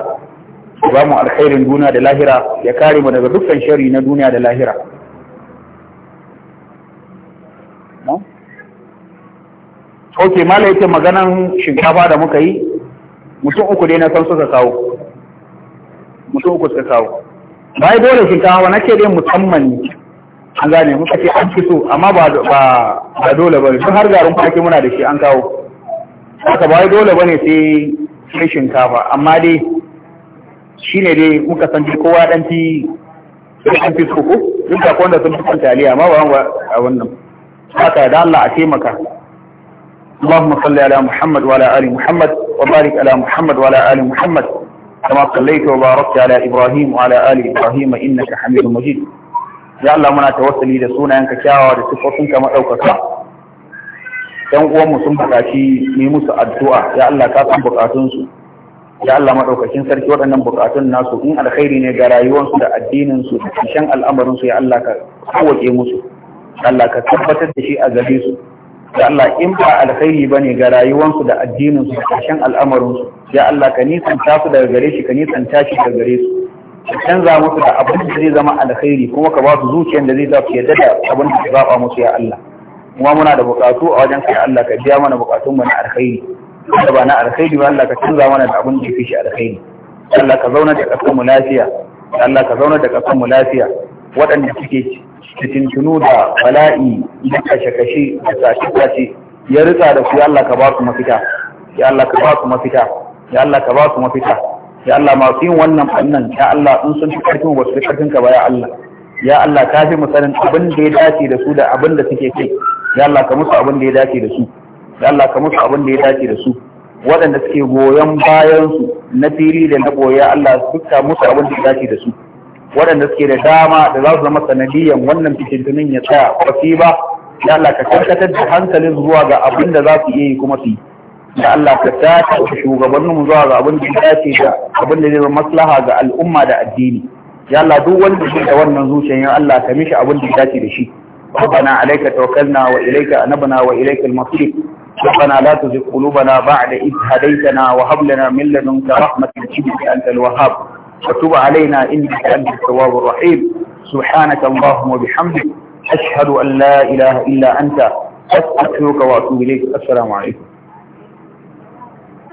Speaker 1: ba mu alkhairin duniya da lahira ya kare mu daga dukkan shari na duniya da lahira ok mala yake maganan shinkafa da muka yi mutum uku dai na san suka kawo mutum uku suka kawo bai dole shinkafa na ce dai musamman ne an gane muka ce an fi so amma ba dole ba sun har garin kwaki muna da shi an kawo haka bai dole ba ne sai sai shinkafa amma dai shi ne dai muka san kowa dan fi an fi ko duk da kwanda sun fi taliya amma ba a wannan haka da Allah a taimaka اللهم صل على محمد وعلى آل محمد وبارك على محمد وعلى آل محمد كما صليت وباركت على إبراهيم وعلى آل إبراهيم إنك حميد مجيد ya Allah muna tawassuli da sunayenka kyawawa da sifofinka maɗaukaka ɗan uwanmu sun buƙaci ne musu addu'a ya Allah ka san bukatunsu. ya Allah maɗaukakin sarki waɗannan buƙatun nasu in alkhairi ne ga rayuwarsu da addininsu da kishan al'amarinsu ya Allah ka kawace musu Allah ka tabbatar da shi a gare su ya Allah in ba alkhairi bane ga rayuwarsu da addininsu da ƙarshen al'amarinsu ya Allah ka nisanta su daga gare shi ka nisanta shi daga gare su ka canza musu da abin da zai zama alkhairi kuma ka ba su zuciyar da zai sa su yarda da abin da ka zaba musu ya Allah kuma muna da buƙatu a wajen ka ya Allah ka biya mana buƙatun mu na alkhairi da ba na alkhairi ba Allah ka canza mana da abin da ya fi shi alkhairi Allah ka zauna da ƙasar mu lafiya Allah ka zauna da ƙasar mu lafiya waɗanda suke fitintunu da bala'i da kashe-kashe da sace-sace ya rika da su ya Allah ka ba su mafita ya Allah ka ba su mafita ya Allah ka ba su mafita ya Allah masu yin wannan fannin ya Allah in sun fi karfin wasu fi karfin ka ba ya Allah ya Allah ka fi musanin abin da ya dace da su da abin da suke kai ya Allah ka musu abin da ya dace da su ya Allah ka musu abin da ya dace da su waɗanda suke goyon bayan su na fili da na goya Allah suka musu abin da ya dace da su waɗanda suke da dama da za su zama sanadiyan wannan fitintunin ya tsaya kwafi ba ya Allah ka karkatar da hankalin zuwa ga abin da za su iya yi kuma su yi da Allah ka tace da shugabanninmu zuwa ga abin da ya dace da abin da zai zama maslaha ga al'umma da addini ya Allah duk wanda shi da wannan zuciyar ya Allah ka mishi abin da ya dace da shi ربنا عليك توكلنا وإليك أنبنا وإليك المصير ربنا لا تزغ قلوبنا بعد إذ هديتنا وهب لنا من لدنك رحمة إنك أنت الوهاب وتب علينا إنك أنت التواب الرحيم سبحانك اللهم وبحمدك أشهد
Speaker 2: أن لا إله إلا أنت أستغفرك وأتوب إليك السلام عليكم